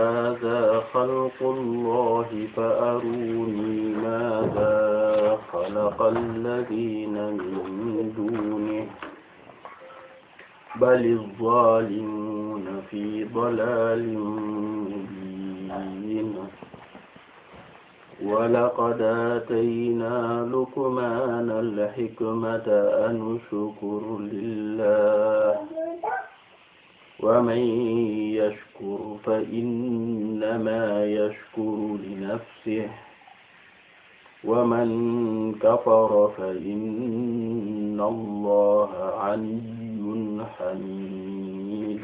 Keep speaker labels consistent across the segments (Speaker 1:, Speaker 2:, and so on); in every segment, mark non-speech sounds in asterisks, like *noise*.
Speaker 1: هذا خلق الله فأروني ماذا خلق الذين من دونه بل الظالمون في ضلال مبين ولقد آتينا لقمان الحكمة أن اشكر لله ومن يشكر فإنما يشكر لنفسه ومن كفر فإن الله غني حميد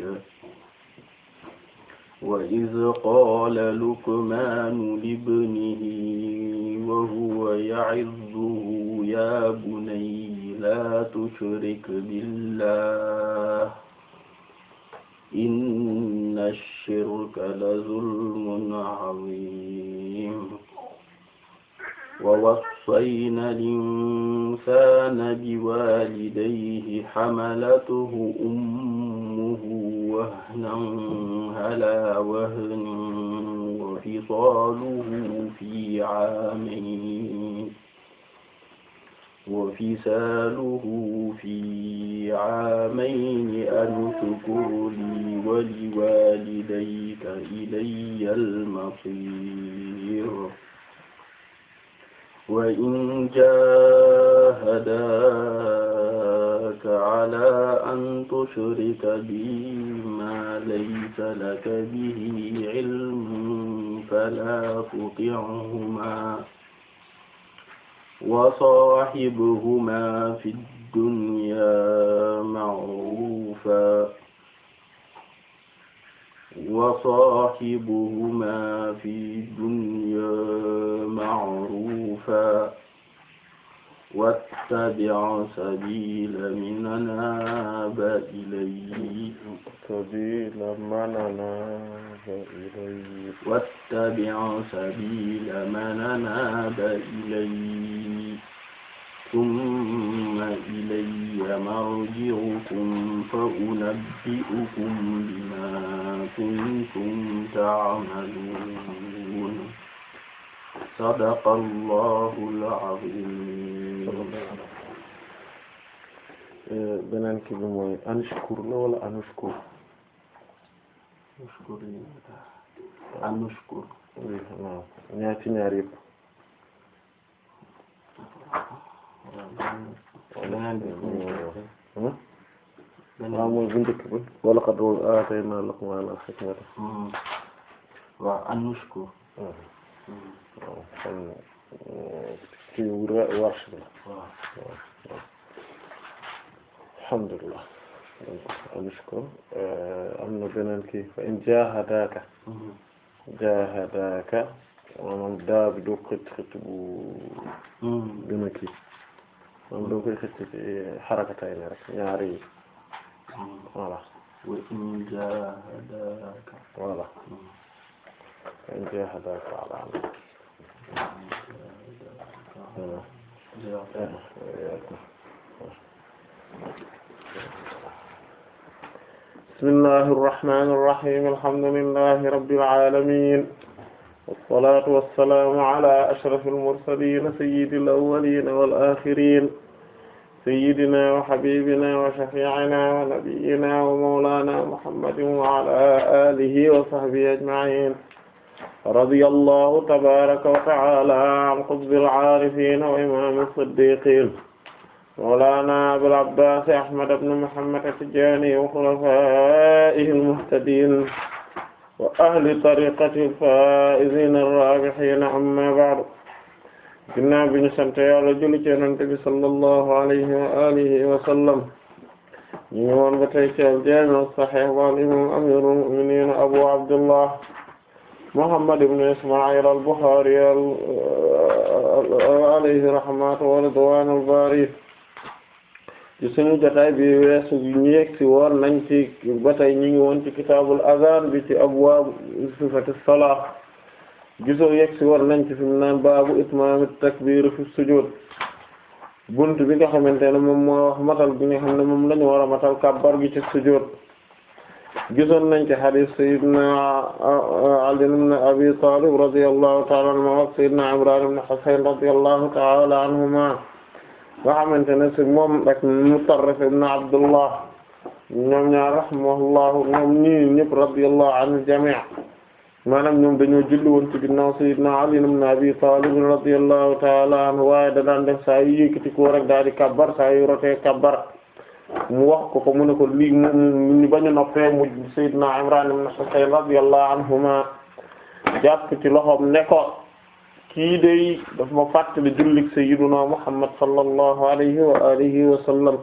Speaker 1: وإذ قال لقمان لابنه وهو يعظه يا بني لا تشرك بالله inna shirka la zulmun azim wa wassayna al-insana biwalidayhi hamalatuhu ummuhu wahnan ala wahnin wa fisaluhu fi 'amayn وفصاله في عامين أن اشكر لي ولوالديك إلي المصير وإن جاهداك على أن تشرك بي ما ليس لك به علم فلا تطعهما wa saahibuhumaa fi dunyaa ma'ruufaa wa saahibuhumaa fi dunyaa ma'ruufaa wattabi' sabiila man anaaba ilayhi sabila man anaba ilayhi wattabi' sabila man anaba ilayhi thumma ilayya marji'ukum fa unabbi'ukum bima kuntum ta'malun sadaqallahul azim beneen ki bi mooy anshkur la wala anushkur nushkur yi anushkur waaw ñaar ci ñaar yëpp waaw mooy bu njëkk bi wala qad aataynaa Luqmaana al-hikmata waaw anushkur waaw xam ci Warsh la waaw alhamdulillah gis ko am na beneen kii fa in jahadaka jahadaka maanaam daa bi doo xëcc xëcc bu gën a kii maanaam doo koy xëcc ci xarakatay ne rek ñaari yi voilà wa in jahadaka voilà wa in jahadaka ala an bismillahi irrahmani irrahim
Speaker 2: alhamdulillahi rabbil alamin wassalatu wassalaamu ala ashrafil mursalin sayyidil awwalin wal akhirin sayyidina wa habibina wa shafi'ina wa nabiyyina wa mawlana muhammadin wa ala alihi wa sahbihi ajma'in radiyallahu tabaraka wa ta'ala an qutbil arifin wa imamil siddiqin mawlaana Abul Abbaas Ahmad ibn Muhammad at-Tijaani wa xulafaa'ihi al-muhtadiin wa ahli tariiqatihi al-faa'iziina ar-raabihiina ammaa ba'du ginnaaw bi ñu sant Yàlla julli ci Yonent bi sallallahu alayhi wa aalihi wa sallam ñu ngi woon ba tey ci al-Jaami' as-Sahiih wa al-imaam amiirul mu'miniin Abu Abdillah Muhammad ibn Ismaa'iil al-Bukhaari alayhi rahmatu wa ridwaanul baari ci jataay bi weesu ñu yegg woon nañ ci ba tey ñu ngi woon ci kitaabul azaan bi ci abwaab sifati salaa gisoo yegg si woon nañ ci fi mu naan baabu itmaam takbiir fi sujuud bunt bi nga xamante ne moom moo wax bi xam ne moom lañu war a matal kabbar gi ci sujuud gisoon nañ ci hadiis sayyidina euh, Ali ibn Abi Taalib radiyallahu ta'ala anhu wa sayyidina Imraan ibn Husayn radiyallahu ta'ala anhuma nga xamante ne ci moom ak Mutarrif ibn Abdullah ñoom ñaar rahimahullahu ñoom ñii ñëpp radiyallahu anil jamii maanaam ñoom dañoo julli woon ci ginnaaw sayyidina Ali ibn Abi waaye da daan def saa yu yëkkati daal di kabbar saa mu wax ko ko mu ne ko lii mu ñu bañ a noppee mu sayyidina Imran ibn Husayn radiyallahu anhuma jàpp ci loxoom ne ko kii day daf ma fàttali jullik sayyiduna Muhammad sallallahu alayhi wa alihi wa sallam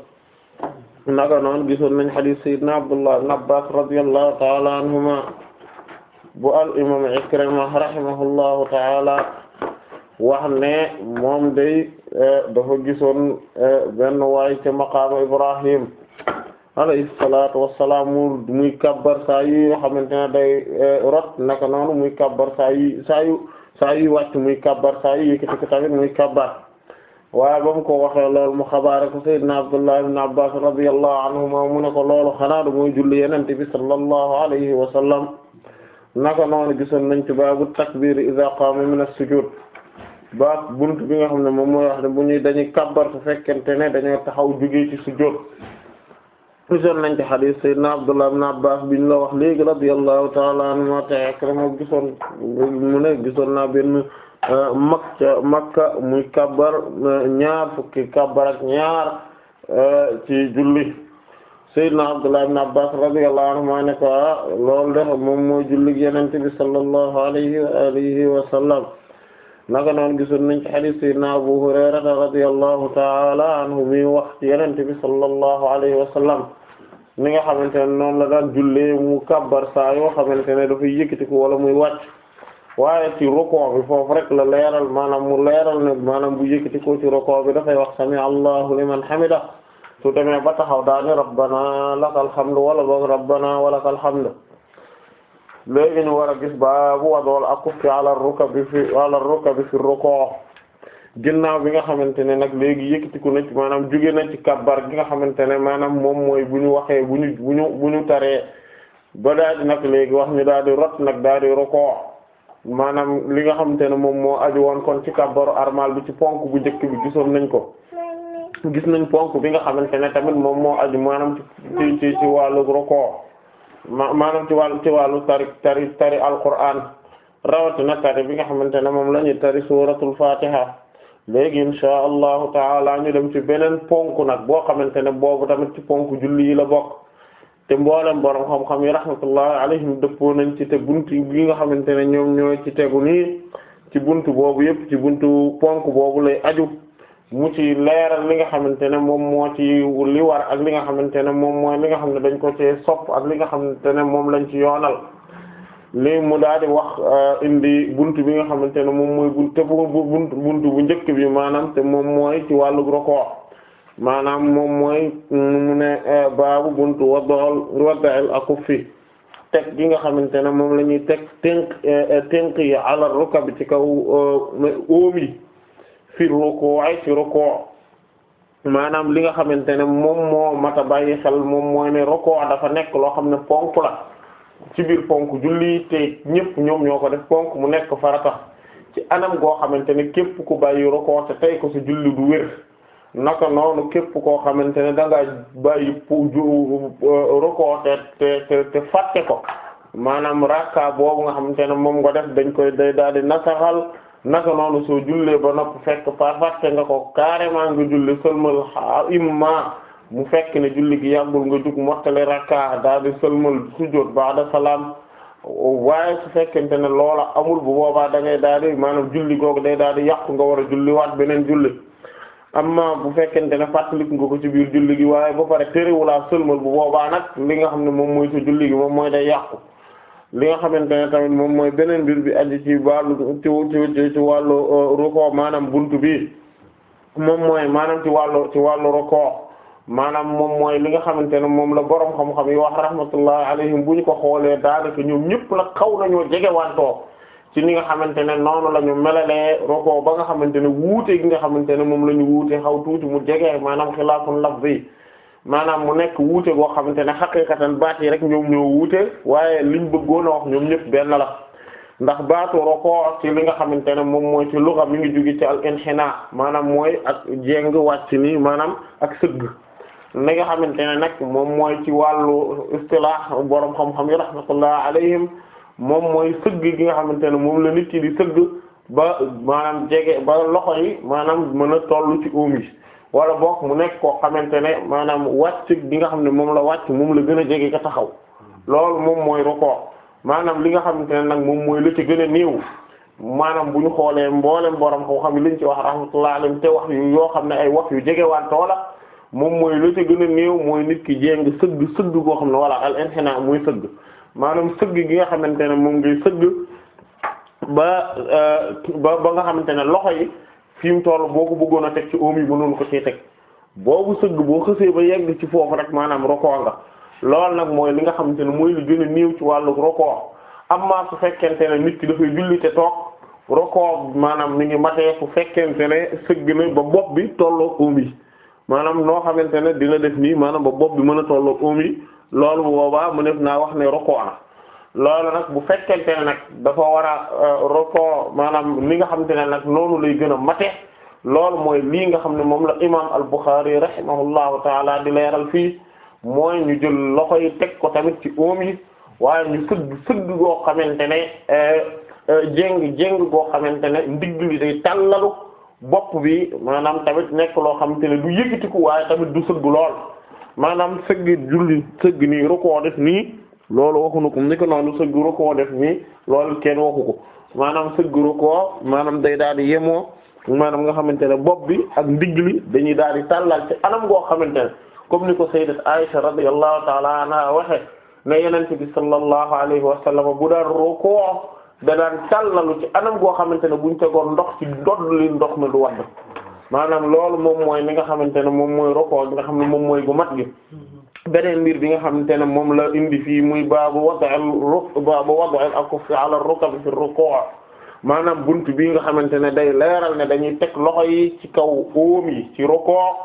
Speaker 2: naka noon gisoon nañ hadith sayyidina Abdullah ibn Abbas radiyallahu ta'ala anhuma bu al imam Ikrima rahimahullahu ta'ala wax ne moom day e, dafa gisoon e, benn waay ca maqaama Ibrahim alayhi salaatu wassalaam muy kabbar saa yu yoo xamante ne day e, rot naka noonu muy kabbar saa yu saa yu saa yu wàcc muy kabbar saa yu yëkkati ko tamit muy kabbar waaye ba mu ko waxee loolu mu xabaare ko sayyidina Abdullah ibn Abbas radiyallahu anhuma mu ne ko loolu xanaa du mooy julli Yonent bi sallallahu alayhi wa sallam naka noonu gisoon nañ ci baabu takbir idha qaama min as-sujud ba buntu bi nga xam ne moom mooy wax ne bu ñuy dañuy kabbar su fekkente ne dañoo taxaw jógee ci sujud gisoon nañ ci hadith sayyidina Abdullah ibn Abbas biñ la wax léegi radiyallahu ta'ala anhuma te Ikrima gisoon mu ne gisoon naa benn euh, mag ca Makka muy kabbar euh, ñaar fukki kabbar ak ñaar euh, ci julli sayyidina Abdullah ibn Abbas radiyallahu anhuma ne ko ah, loolu de moom mooy julli Yonent bi sallallahu alayhi wa alihi wa sallam naka noon gisoon nañ ci hadith sayyidina Abu Hurayra radiyallahu ta'ala anhu mi wax ci Yonent bi sallallahu alayhi wa sallam ni nga xamante ne noonu la daan jullee mu kabbar saa yoo xamante ne dafay yëkkatiku wala muy wàcc waaye ci rukuu bi foofu rek la leeral maanaam mu la leeral ne maanaam bu yëkkatikoo ci rukuu bi dafay wax sami Allahu liman hamida su demee ba taxaw daane rabbana lakal hamdu wala boog rabbana walakal hamdu léegi ñu war a gis baabu wadool akuffi ala rukabi fi ala rukabi fi rukoo ginnaaw bi nga xamante ne nag léegi yëkkatiku na ci maanaam jóge na ci kabbar gi nga xamante ne maanaam moom mooy bu ñu waxee bu ñu bu ñu bu ñu taree ba daal nag léegi wax ñu daal di rot nag daal maanaam li nga xamante ne moom moo aju woon kon ci kabbaru armal bi ci ponk bu njëkk bi gisoon nañ ko gis nañ ponk bi nga xamante ne tamit moom moo aju maanaam ci ci ci wàllu ma ci wàllu ci wàllu tari tari tari alquran rawatina tari bi nga xamante ne moom la ñuy tari suratul fatiha léegi insha allahu taala ñu dem ci beneen ponk nag boo xamante ne boobu tamit ci ponk julli yi la bokk te mboolem borom xam-xam yi rahmatullahi alayhim dëppoo nañ ci te buntu bi nga xamante ne ñoom ñoo ci tegu nii ci buntu boobu yëpp ci buntu ponk boobu lay aju mu ci leeral li nga xamante ne moom moo ci li war ak li nga xamante ne moom mooy li nga xam ne dañ ko ci sopp ak li nga xamante ne moom lañu ci yoonal li mu daal di wax uh, indi bunt bi nga xamante ne moom mooy bunt bunt bunt bu njëkk bi maanaam te moom mooy ci wàllu rokoo maanaam moom mooy mm, mu ne uh, baabu bunt waddool wadda'il akuffi teg gi nga xamante ne moom la ñuy teg tënk uh, tënk yi ala bi ci kaw óom fi ruku'i ci ruku' maanaam li nga xamante ne moom moo mat a bàyyi xel moom mooy ne ruku' dafa nekk loo xam ne ponk la ci biir ponk julli te ñëpp ñoom ñoo ko def ponk mu nekk farata ci anam goo xamante ne képp ku bàyyi ruku' tey ko sa julli du naka noonu képp koo xamante ne da ngaa bàyyi ruku' ko maanaam rakka boobu nga xamante ne moom nga def dañ daal di nasaxal naka noonu soo jullee ba nopp fekk parfaite nga ko carrément nga julli sëlmal imma mu fekk ne julli gi yàggul nga jug mottale rakka daal di sëlmal sujjóot ba'da salaam waaye su fekkente ne loola amul bu boobaa da ngay daal di maanaam julli googu day di yàqu nga war a julli waat beneen julli amma bu fekkente ne fàttaliku nga ko ci biir julli gi waaye ba pare terewulaa sëlmal bu boobaa nag li nga xam ne moom mooy sa julli gi moom mooy yàqu li nga xamante ne tamit moom mooy beneen mbir bi aju ci wàllu ci ci ci wàllu euh, ruko maanaam buntu bi moom mooy maanaam ci wàllu ci wàllu ruko maanaam moom mooy li nga xamante ne moom la borom xam-xam yi wax rahmatullahi alayhim bu ñu ko xoolee daanaka ñoom ñëpp la xaw nañoo jege wantoo ci ni nga xamante ne noonu la ñu melalee ruko ba nga xamante ne wuute gi nga xamante ne moom la ñu wuute xaw tuuti mu jege maanaam xilaafun lafzi maanaam mu nekk wuute goo xamante ne xaqiqatan baat yi rek ñoom ñoo wuute waaye liñ bëggoon a wax ñoom ñëpp benn la ndax baatu ko ci li nga xamante ne moom mooy ci lugha mi ngi jóge ci al inhina maanaam mooy ak jéng wàcc ni maanaam ak sëgg li nga xamante ne nag moom mooy ci wàllu istilah borom xam-xam yi rahmatullah alayhim moom mooy sëgg gi nga xamante ne moom la nit ki di sëgg ba maanaam jege ba loxo yi maanaam mën a tollu ci óom yi wala boog mu nekk koo xamante ne maanaam wàcc bi nga xam ne moom la wàcc moom la gën a jege ka taxaw loolu moom mooy rukoo maanaam li nga xamante ne nag moom mooy la ci gën a néew maanaam bu ñu xoolee mboolem borom xam liñ ci wax rahmatullahi alayhi te wax yoo xam ne ay wax yu jegewantoo la moom mooy la ci gën a néew mooy nit ki jéng sëgg sëgg goo xam ne wala al inhina muy sëgg maanaam sëgg gi nga xamante ne moom ngay sëgg ba euh, ba ba nga xamante ne loxo yi fi mu toll boo ko bëggoon a teg ci oom yi mënoon ko ci teg boobu sëgg boo xësee ba yegg ci foofu rek maanaam roko nga loolu nag mooy li nga xamante ne mooy lu gën a néew ci wàllu roko amma su fekkente ne nit ki dafay julli te toog roko maanaam mi ngi matee su fekkente ne sëgg na ba bopp bi tolloo oom maanaam noo xamante ne dina def nii maanaam ba bopp bi mën a tolloo oom yi loolu boobaa mu nekk naa wax ne roko na loolu nag bu fekkente ne nag dafa war a euh, roko maanaam li nga xamante ne nag noonu lay gën a mate loolu mooy lii nga xam ne moom la imam al-Bukhari rahimahullahu taala di leeral fii mooy ñu jël loxo yi teg ko tamit ci oom yi waaye ñu xamante ne euh, euh, jéng jéng goo xamante ne ndigg li day tàllalu bopp bi maanaam tamit nekk loo xamante ne du yëkkatiku waaye tamit du sëgg lool maanaam sëgg julli sëgg nii rukoo nii loolu waxuñu ko ni ko noonu sëgg rukkoo def nii loolu kenn waxu ko maanaam sëgg ko maanaam day daal di yemoo maanaam nga xamante ne bopp bi ak ndigg li dañuy daal di tàllal ci anam goo xamante ne comme ni ko sayyidat Aisha radiyallahu ta'ala anha waxe ne yonent bi sallallahu alayhi wa sallam bu daal rukkoo da daan tàllalu ci anam goo xamante ne buñ tegoon ndox ci dodd li ndox mi du wadd maanaam loolu moom mooy li nga xamante ne moom mooy rukkoo bi nga xam ne moom mooy gu mat gi beneen mbir bi nga xamante ne moom la indi fii muy baabu wad'al ruk baabu akuffi ala rukab fi ruku' maanaam bunt bi nga xamante ne day leeral ne dañuy teg loxo yi ci kaw óom yi ci ruku'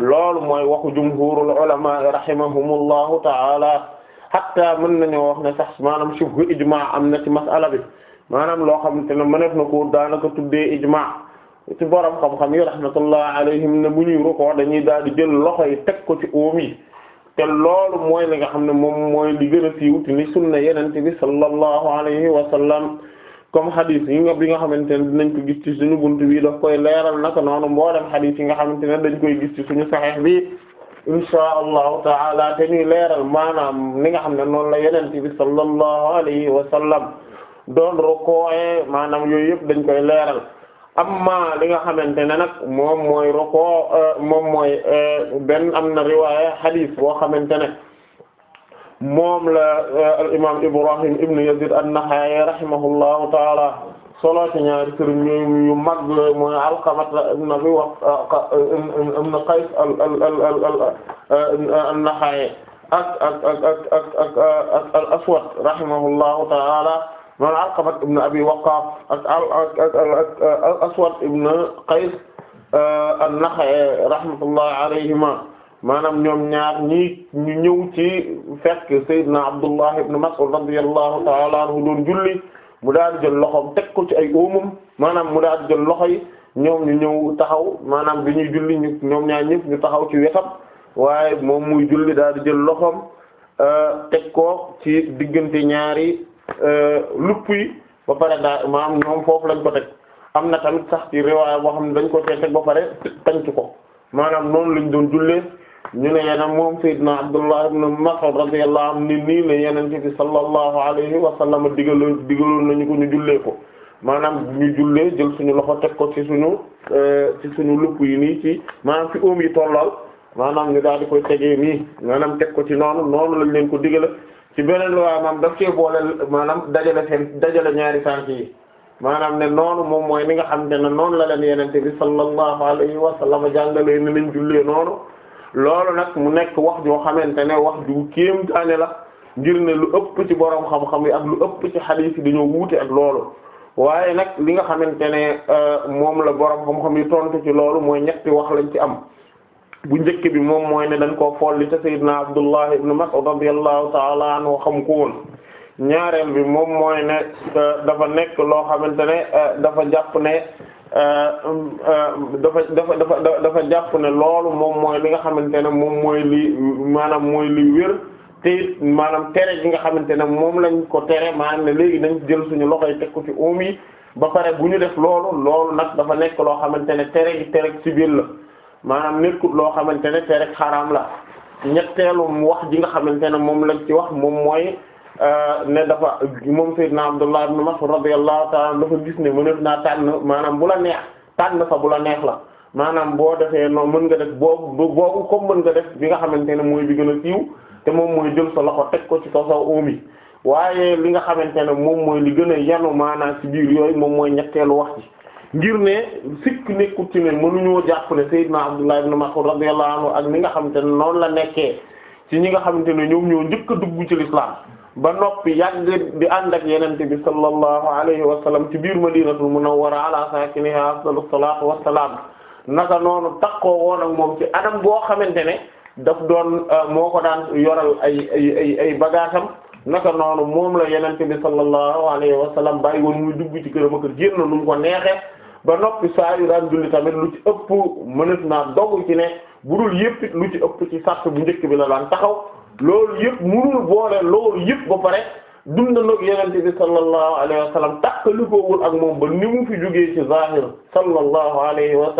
Speaker 2: loolu mooy waxu jumhurul ulama rahimahumullahu ta'ala hatta mën nañoo wax ne sax maanaam shibhu ijma' am na ci mas'ala bi maanaam loo xamante ne mëneef na ko daanaka tuddee ijma' ti borom xam-xam yi rahmatullah alayhim ne bu ñuy dañuy daal di jël loxo yi teg ko ci óom yi te loolu mooy li nga xam ne moom mooy li gën a siiw te li sunna yeneen bi sallallahu alayhi wa sallam comme xadis yi nga bi nga xamante ne dinañ ko gis ci suñu buntu bi daf koy leeral naka noonu mboolem xadis yi nga xamante ne dañ koy gis ci suñu saxiix bi insha allahu taala te leeral maanaam li nga xam ne noonu la yeneen bi sallallahu alayhi wa sallam doon rokooye maanaam yooyu yëpp dañ koy leeral amma li nga xamante ne nag moom mooy roko euh, moom mooy euh, benn am na riwaaya xadis boo xamante ne moom la euh, al imaam Ibrahim ibn Yazid an-Naxa'i rahimahullahu taala solo ci ñaari sëriñ yu mag mooy Alqama ibn Abi Waqqaas ibn Qays al al al al an-Naxa'i ak ak ak ak ak ak al Aswad rahimahullahu taala maanaam Alqama ibn Abi Waqqas ak al Aswad ibn Qays euh, an-Nakha'i rahmatullahi maanaam ñoom ñaar ñi ñu ñëw ci fekk Seydina Abdullah ibn Mas'ud radiyallahu ta'ala anhu doon julli mu daal di jël loxoom teg ko ci ay óomam maanaam mu daal di jël loxo yi ñoom ñu ñëw taxaw maanaam bi ñuy julli ñoom ñaar ñëpp ñu taxaw ci wetam waaye moom muy julli daal di jël loxoom euh, teg ko ci diggante ñaari Euh, lupp yi ba pare daa maanaam ñoom foofu lañ ko teg am na tamit sax ci riwaaya boo xam ne dañ ko tee teg ba pare tànc ko maanaam noonu lañ doon jullee ñu ne yeneen moom Seydina Abdullah ibn Mas'ud radiyallahu anhu ni nii ne yeneen ci bi sallallahu alayhi wa sallam digaloon digaloon nañu ko ñu jullee ko maanaam ñu jullee jël suñu loxo teg ko ci suñu euh, ci suñu lupp yi nii ci maanaam fi óom yi tollal maanaam ñu daal di koy tegee nii maanaam teg ko ci noonu noonu lañ leen ko digale ci beneen riwaaya maanaam daf cee boole maanaam dajale seen dajale ñaari tànk yi maanaam ne noonu moom mooy ni nga xamante ne noonu la leen yenente bi sallallahu alayhi wa sallam jàngalee ne lañ jullee noonu loolu nag mu nekk wax joo xamante ne wax ju kéemtaane la ngir ne lu ëpp ci borom xam-xam yi ak lu ëpp ci xadiis yi dañoo wuute ak loolu waaye nag li nga xamante ne euh, moom la borom xam-xam yi tontu ci loolu mooy ñetti wax lañ ci am bu njëkk bi moom mooy ne dañ koo folli te sayyidna Abdullah ibn Mas'ud radiyallahu ta'ala anhu xam ko woon ñaareel bi moom mooy ne euh, dafa nekk loo xamante ne euh, dafa jàpp ne euh, dafa dafa dafa dafa jàpp ne loolu moom mooy li nga xamante ne moom mooy li maanaam mooy li wér maanaam tere gi nga xamante ne moom lañ ko tere maanaam léegi dañ jël suñu loxo yi teg ko ci oom yi ba pare bu ñu def loolu loolu nag dafa nekk loo xamante ne tere gi tere ci biir la maanaam nekkut loo xamante ne te rek xaraam la ñetteelum wax ji nga xamante ne moom lañ ci wax moom mooy euh, ne dafa moom Seydina Abdullah ibn Mas'ud radiyallahu ta'ala dafa gis ne mëneef naa tànn maanaam bu la neex tànn fa bu la neex la maanaam boo defee noo mën nga def boo boobu comme mën nga def bi nga xamante ne mooy li gën a siiw te moom mooy jël sa loxo teg ko ci kaw sa oom waaye li nga xamante ne moom mooy li gën a yanu maanaam ci biir yooyu moom mooy ñetteelu wax ji ngir ne sikk nekkut ci ne mënuñoo jàpp ne Seydina Abdullah ibn Mas'ud radiyallahu anhu ak ni nga xamante ne noonu la nekkee ci ñi nga xamante ne ñoom ñoo njëkk a dugg ci l'islam ba noppi yàgg di ànd ak yenente bi sallallahu alayhi wa sallam ci biir madinatul munawwara ala sakiniha afdalu salatu wassalam naka noonu takkoo woon ak moom ci anam boo xamante ne daf doon euh, moo ko daan yoral ay ay ay ay bagaasam naka noonu moom la yenente bi sallallahu alayhi wa sallam bàyyi woon muy dugg ci këram ak génn nu mu ko neexee ba noppi saa yu daan tamit lu ci ëpp mënees naa dogu ci ne budul yëpp it lu ci ëpp ci sart bu njëkk bi la daan taxaw loolu yëpp munul boole loolu yëpp ba pare dund nag yenente bi sallallahu alayhi wa sallam tàqalikoowul ak moom ba ni mu fi jógee ci zahir sallallahu alayhi wa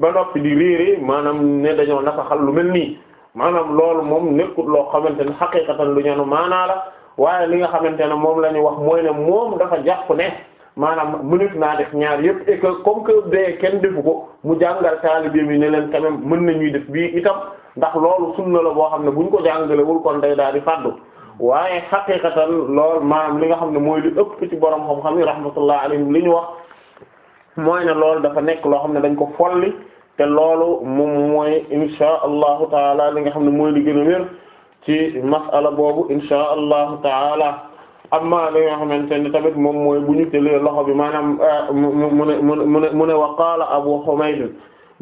Speaker 2: ba noppi di réeree maanaam ne dañoo naka xal lu mel nii maanaam loolu moom nekkul loo xamante ne xaqiqatan lu ña maanaa la waaye li nga xamante ne moom la ñu wax mooy moo moom dafa jàpp ne maanaam mëneef naa def ñaar yëpp et que comme que bee kenn defu ko mu jàngal taalibeem yi ne leen quand mën mën nañuy def bii itam ndax loolu sunna la boo xam ne bu ñu ko jàngalewul kon day daal di fàddu waaye xaqiqatan lool maanaam li nga xam ne mooy li ëpp ci borom xam-xam yi rahmatullah alayhim li ñu wax mooy ne loolu dafa nekk loo xam ne dañ ko folli te loolu moom mooy insha allahu taala li nga xam ne mooy li gën a wér ci mas'ala boobu insha allahu taala amma li nga xamante ne tamit moom mooy bu ñu tëlee loxo bi maanaam euh, mu ne mu ne mu ne wa qaala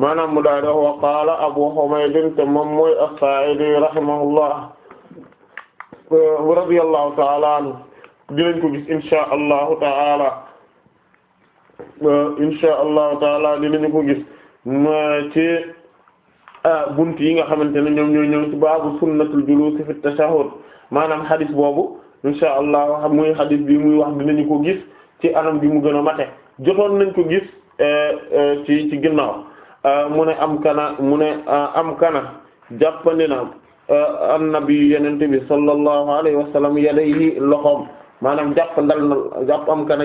Speaker 2: maanaam mu daal di wax Abu Humayd te moom mooy as-Saa'idi rahimahullah radiyallahu ta'ala anhu dinañ ko gis insha allahu ta'ala euh, insha allahu ta'ala dinañ ko gis ci euh, bunt yi nga xamante ne ñoom ñoo ñëw baabu sunnatul juluus fi at-tashahhud maanaam hadith boobu. insha allah muy xadis bi muy wax dinañu ko gis ci anam bi mu gën a mate nañ ko gis eh, eh, ci ci ginnaaw eh, mu ne am kana mu ne am kana jàppandi na annabi yenente bi sallallahu alayhi wa sallam yadayhi loxoom maanaam jàppandal na jàpp am kana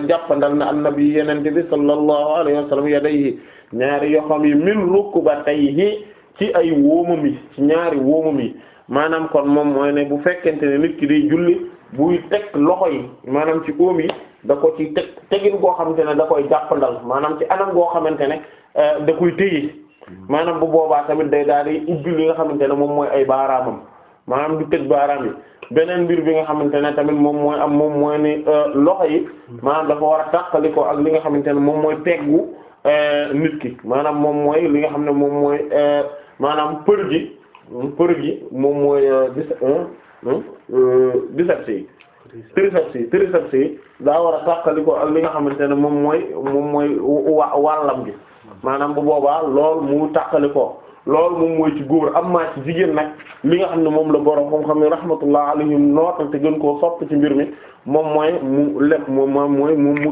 Speaker 2: na annabi yenente bi sallallahu alayhi wa sallam yadayhi ñaari yoxam yi min rukbatayhi ci ay wóomam yi ñaari wóomam yi maanaam kon moom mooy bu fekkente ne nit ki day julli buy teg loxo yi maanaam ci óom yi da ko ci teg tegin goo xamante ne da koy jàppandal maanaam ci anam goo xamante ne euh, da koy téye maanaam bu boobaa tamit day daal di ubbi li nga xamante ne moom mooy ay baaraamam maanaam du tëj baaraam yi beneen mbir bi nga xamante ne tamit moom mooy am moom mooy ni euh, loxo yi maanaam dafa war a tàqali ak li nga xamante ne moom mooy teggu euh, nit ki maanaam moom mooy li nga xam ne moom mooy maanaam për gi hmm, për gi Euh, biceps yi triceps yi triceps yi daa war a tàqali ak li nga xamante ne moom mooy moom mooy wa wàllam gi maanaam bu boobaa lool mu tàqali ko loolu moom mooy ci góor am maa ci jigéen nag li nga xam ne moom la borom xam-xam yi rahmatullah alayhim nootal te gën koo sopp ci mbir mi moom mooy mu leb moom mooy mu mu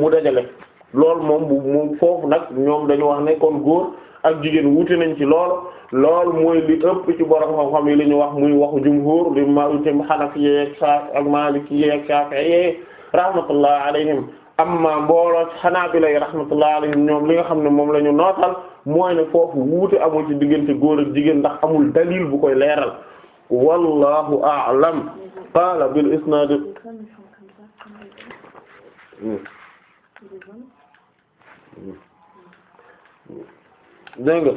Speaker 2: mu dajale loolu moom mu mu foofu nag ñoom dañu wax ne kon góor ak jigéen wuute nañ ci lool lool mooy li ëpp ci borom xam-xam yi li ñu wax muy waxu jumhur li ma utim xanafiye ak saafi ak maaliki ak saafiye rahmatullah alayhim amma mbooloo xanaabila yi rahmatullah alayhim ñoom li nga xam ne moom lañu ñu nootal mooy ne foofu wuute amul ci diggante góor jigéen ndax amul dalil bu koy leeral wallahu a'lam qaala bil isnaad dégg nga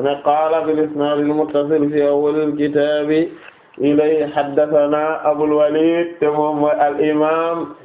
Speaker 2: ne qaala bil isnaad al muttasil fi awwal al kitaab ilayhi haddathanaa Abul Waliid te moom mooy al imaam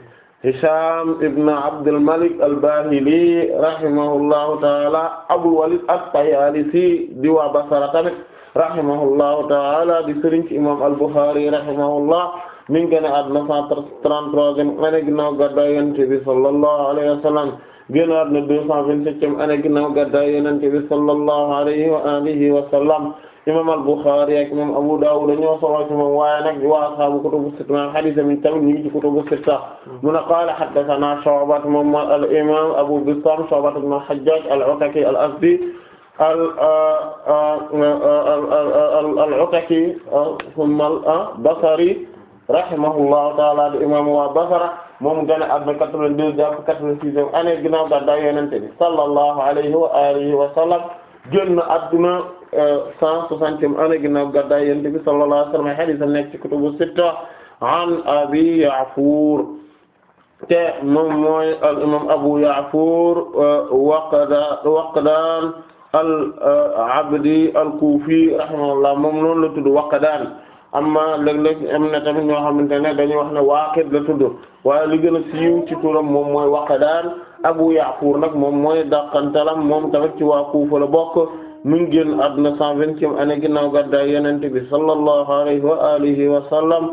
Speaker 2: Hishaam ibn Abdul Malik al Baahili rahimahullahu ta'aala Abul Waliid at-Tayaalisi di waa Basra tamit rahimahullahu ta'aala di sëriñ ci imaam al Buxaari rahimahullah mi ngi génn àdduna 133 ane ginnaaw gàddaay Yonent bi sallallahu alayhi wa sallam génnaat na deux cent vingt-septième année ginnaaw gàddaay Yonent bi sallallahu alayhi wa alihi wa sallam imam al-Bukhari ak imam Abu Dawud dañoo solo ci moom waaye nag wa ashaabu kutubu sitta hadith min tamit ñu ngi ci kutubu sitta mu ne qaala haddathana Shu'ba moom al-imam Abu Bistam Shu'ba ibn Hajjaj al-Ataki al-Azdi al-Ataki thumma al-Basri rahimahullahu ta'ala imam wa Basra moom gane àdduna 82 jàpp 86 année ginnaaw gàddaay Yonent bi sallallahu alayhi wa alihi wa sallam génn àdduna 160 euh, année ginnaaw gàddaay Yonent bi sallallahu alayhi wa sallam hadith nekk ci kutubu sitta an Abi Ya'fur te moom mooy al imam Abu Ya'fur euh, waqda waqdaan al euh, abdi al kuufi rahimahullah moom noonu la tudd waqdaan amma léeg-léeg am na tamit ñoo xamante ne dañuy wax ne Waaqid la tudd. waaye li gën a siiw ci turam moom mooy Waqdaan Abu Ya'fur nag moom mooy dàqantalam moom tamit ci waa Kuufa bokk mu ngi génn àdduna cent vingtième année ginnaaw gàddaay Yonent bi sallallahu alayhi wa alihi wa sallam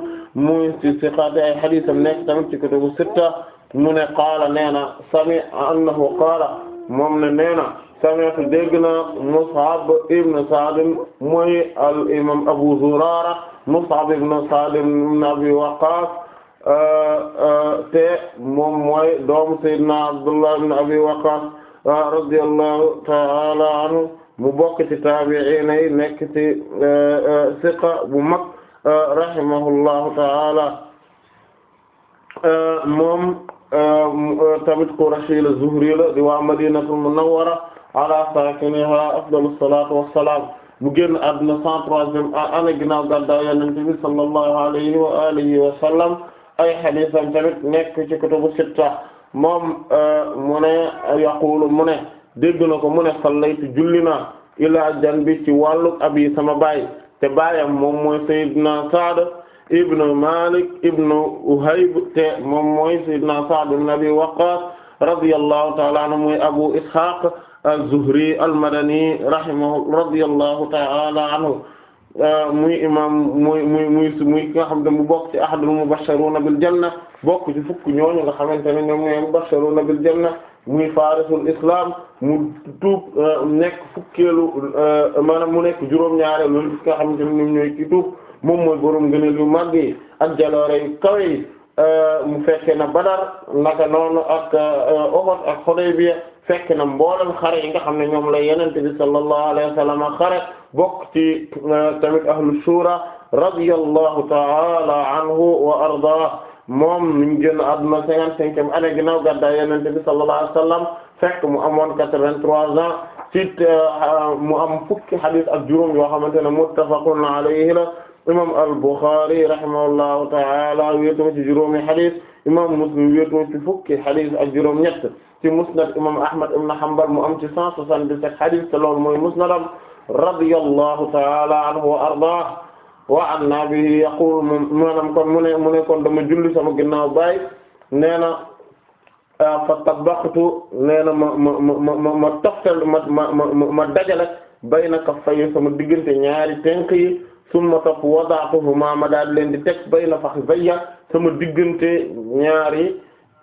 Speaker 2: muy ci siqaate ay hadiisam nekk tamit ci kutubu sitta mu ne qaala nee na sami annahu qaala moom ne nee na sami'tu dégg na ibn Sa'd mooy al imam Abu Zurara Mus'ab ibn Sa'd ibn Abi Waqqas Euh, euh, te moom mooy doomu Seydina Abdullah ibn Abi Waqqas euh, radiyallahu ta'ala anhu mu bokk ci taabi'iin yi nekk ci siqa bu mag rahimahullahu ta'ala moom tamit Qurashi la Zuhri la di waa Madinatul Munawwara ala saakinihaa afdalu salaatu wa salaam mu génn àdduna 103e année ginnaaw gàddaay Yonent bi sallallahu alayhi wa alihi wa sallam ay xadiisam tamit nekk ci kutubu sitta moom euh, mu ne yaqulu mu ne dégg na ko mu ne sallaytu julli naa ilaa janbi ci wàllu abi sama baay te baayam moom mooy sayyidna Sa'd ibn Malik ibn Uhayb te moom mooy sayyidna Sa'd ibn Abi Waqqas radiyallahu ta'ala anhu mooy Abu Ishaq az-Zuhri al-Madani rahimahu radiyallahu ta'ala anhu Euh, muy imam muy muy muy muy nga xam ne mu bokk ci ahadul mubashsharuna bil janna bokk ci fukk ñooñu nga xamante ne ñoom ñooy mubashsharuna bil janna muy farisul islam mu tuub euh, nekk fukkeelu euh, maanaam mu nekk juróom-ñaare loolu nga xamante ne ñoom ñooy ci tuub moom mooy borom gënal yu màgg yi ak jaloore yu kawe yi mu fekkee na Badar naka noonu ak Uhud ak Hudaybiya fekk na mboolem xare yi nga xam ne ñoom la yenente bi sallallahu alayhi wa sallam xare bokk ci euh, tamit ahlu shura radiyallahu ta'ala anhu wa ardaah moom mi ngi génn àdduna cinquante-cinquième année ginnaaw gàddaay yenente bi sallallahu alayhi wa sallam fekk mu amoon quatre-vingt-trois ans ci euh, mu am fukki hadith ak juróom yoo xamante ne muttafaqun alayhi la imam al-Bukhari rahimahullahu ta'ala wéetoo ci juróomi hadith imam Muslim wéetoo ci fukki hadith ak juróom ñett ci musnad imam Ahmad ibn Hanbal mu am ci 177 hadith te loolu mooy musnadam radiyallahu ta'ala anhu wa ardaah wa anna bihi yaqul maanaam kon mu ne mu ne kon dama julli sama ginnaaw baay nee na fa tabaxtu nee na ma ma ma ma ma toftal ma ma ma ma dajale bayna kaffay sama diggante ñaari tenk yi summa topp wada'tuhuma ma daal leen di teg bayna fakhizayya sama diggante ñaari.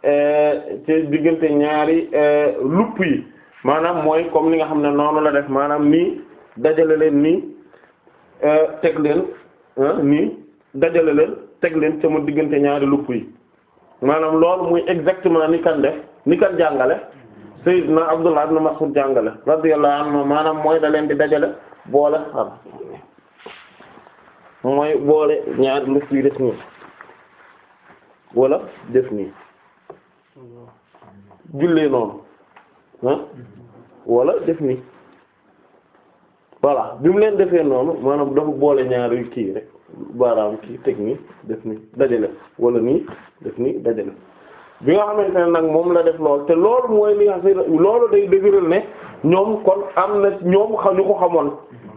Speaker 2: Eh, ci diggante ñaari eh, lupp yi maanaam mooy comme ni nga xam ne noonu la def maanaam nii dajale leen nii eh, teg leen nii dajale leen teg leen sama diggante ñaari lupp yi maanaam loolu muy exactement ni kan def ni kan jàngale Sayyidna Abdullah ibn Mas'ud jàngale radiyallahu anhu maanaam mooy da leen di dajale boole xam ah, mooy boole ñaari lupp def nii wala def nii jullee noonu ah def ni voilà bi mu leen defee noonu maanaam dafa boole ñaari kii rek baaraam kii teg ni def ni dajale wala nii def ni dajale bi nga xamante ne nag moom la def lool te loolu mooy li nga xam loolu da dëgëral ne ñoom kon am na ñoom xam ñu ko xamoon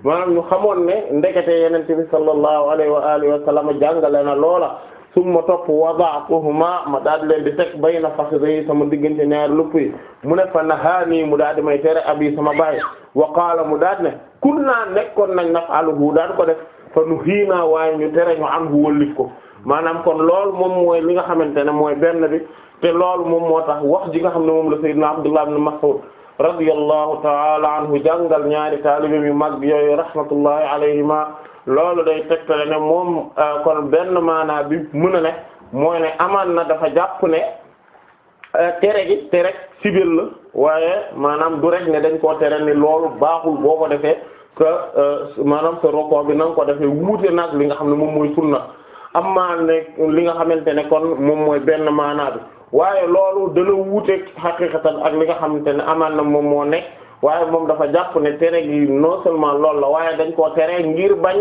Speaker 2: maanaam ñu xamoon ne ndekete yenente bi sallallahu alayhi wa alihi wa sallam jàngale na loola summa topp wada'tuhuma ma daal di leen di teg bayna fakhidhi sama diggante ñaari lupp yi mu ne fa nahaani mu daal di may tere abi sama baay wa qaala mu daal ne kunna nekkoon nañ naf'aluhu daal ko def fa nuhiina waaye ñu tere ñu anhu wëllif ko maanaam kon lool moom mooy li nga xamante ne mooy benn bi te loolu moom moo tax wax ji nga xam ne moom la sayyidna Abdullah ibn Mas'ud radiyallahu ta'ala anhu jàngal ñaari taalibe yu mag yooyu rahmatullahi alayhima loolu day tegtale ne moom euh, kon benn maanaa bi mën a ne mooy ne amaan na dafa jàpp ne euh, tere gi tere sibil la waaye maanaam du rek ne dañ koo tere ni loolu baaxul boo ko defee que euh, maanaam sa roko bi na ko defee wuute nag li nga xam ne moom mooy sunna amaa ne li nga xamante ne kon moom mooy benn maanaa bi waaye loolu dala wuute xaqiqatan ak li nga xamante ne amaan na moom moo nekk waaye moom dafa jàpp ne tere gi non seulement loolu la waaye dañ koo tere ngir bañ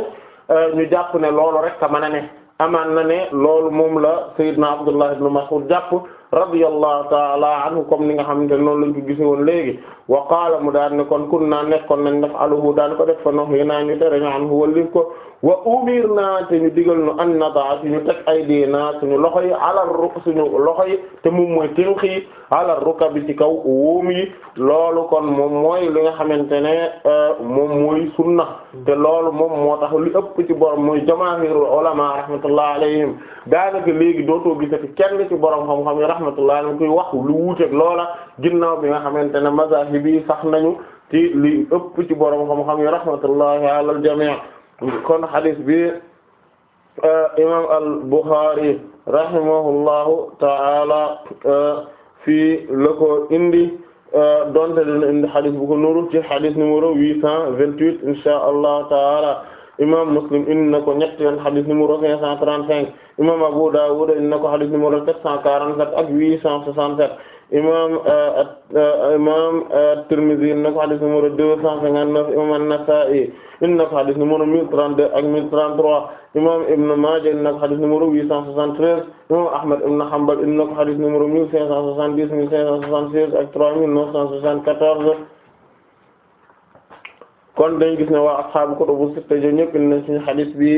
Speaker 2: euh, ñu jàpp ne loolu rek a mën a ne amaan na ne loolu moom la Seydina Abdullah ibn Mas'ud jàpp radiyallahu ta'ala anhu comme ni nga xam ne noonu lañ ko gise woon léegi wa qaala mu daan ne kon kun naa nekkoon nañ def aluhu daan ko def fa nox yi naa ñu tereño hu wallif ko wa umir na te ñu digal nu an nada suñu teg ay diina suñu loxo yi alal ruk loxo yi te moom mooy tinq yi alal ruka bi ci kaw wóom loolu kon moom mooy li nga xamante ne euh, moom mooy sunna te loolu moom moo tax li ëpp ci borom mooy jamaahirul ulama rahmatullah alayhim daanaka léegi dootoo gisati kenn ci borom xam-xam yi rahmatullah alayhi koy wax lu wuuteeg loola ginnaaw bi nga xamante ne mazahib yi sax nañu ci li ëpp ci borom xam-xam yi rahmatullahi ala al jami' kon hadith bi euh, imam al Bukhari rahimahullahu ta'ala euh, fii la ko indi euh, donte dina indi hadith bu ko nuru ci hadith numéro 828 insha allah taala imam Muslim indi na ko ñetti yoon xadis numéro 535 imam Abu Dawud indi na ko xadis numéro 747 ak 867 imam euh, imam euh, Tirmidhi indi na ko xadis numéro 259 imam a nasai indi na ko xadis numéro 1032 ak 1033 imam Ibn Majah indi na ko xadis numéro 873 imam Ahmad ibn Hanbal indi na ko xadis numéro 1570 1576 ak 3974 kon dañ gis ne waa ashaabu kutubu sitta jo ñëpp in nañ ci xadis bi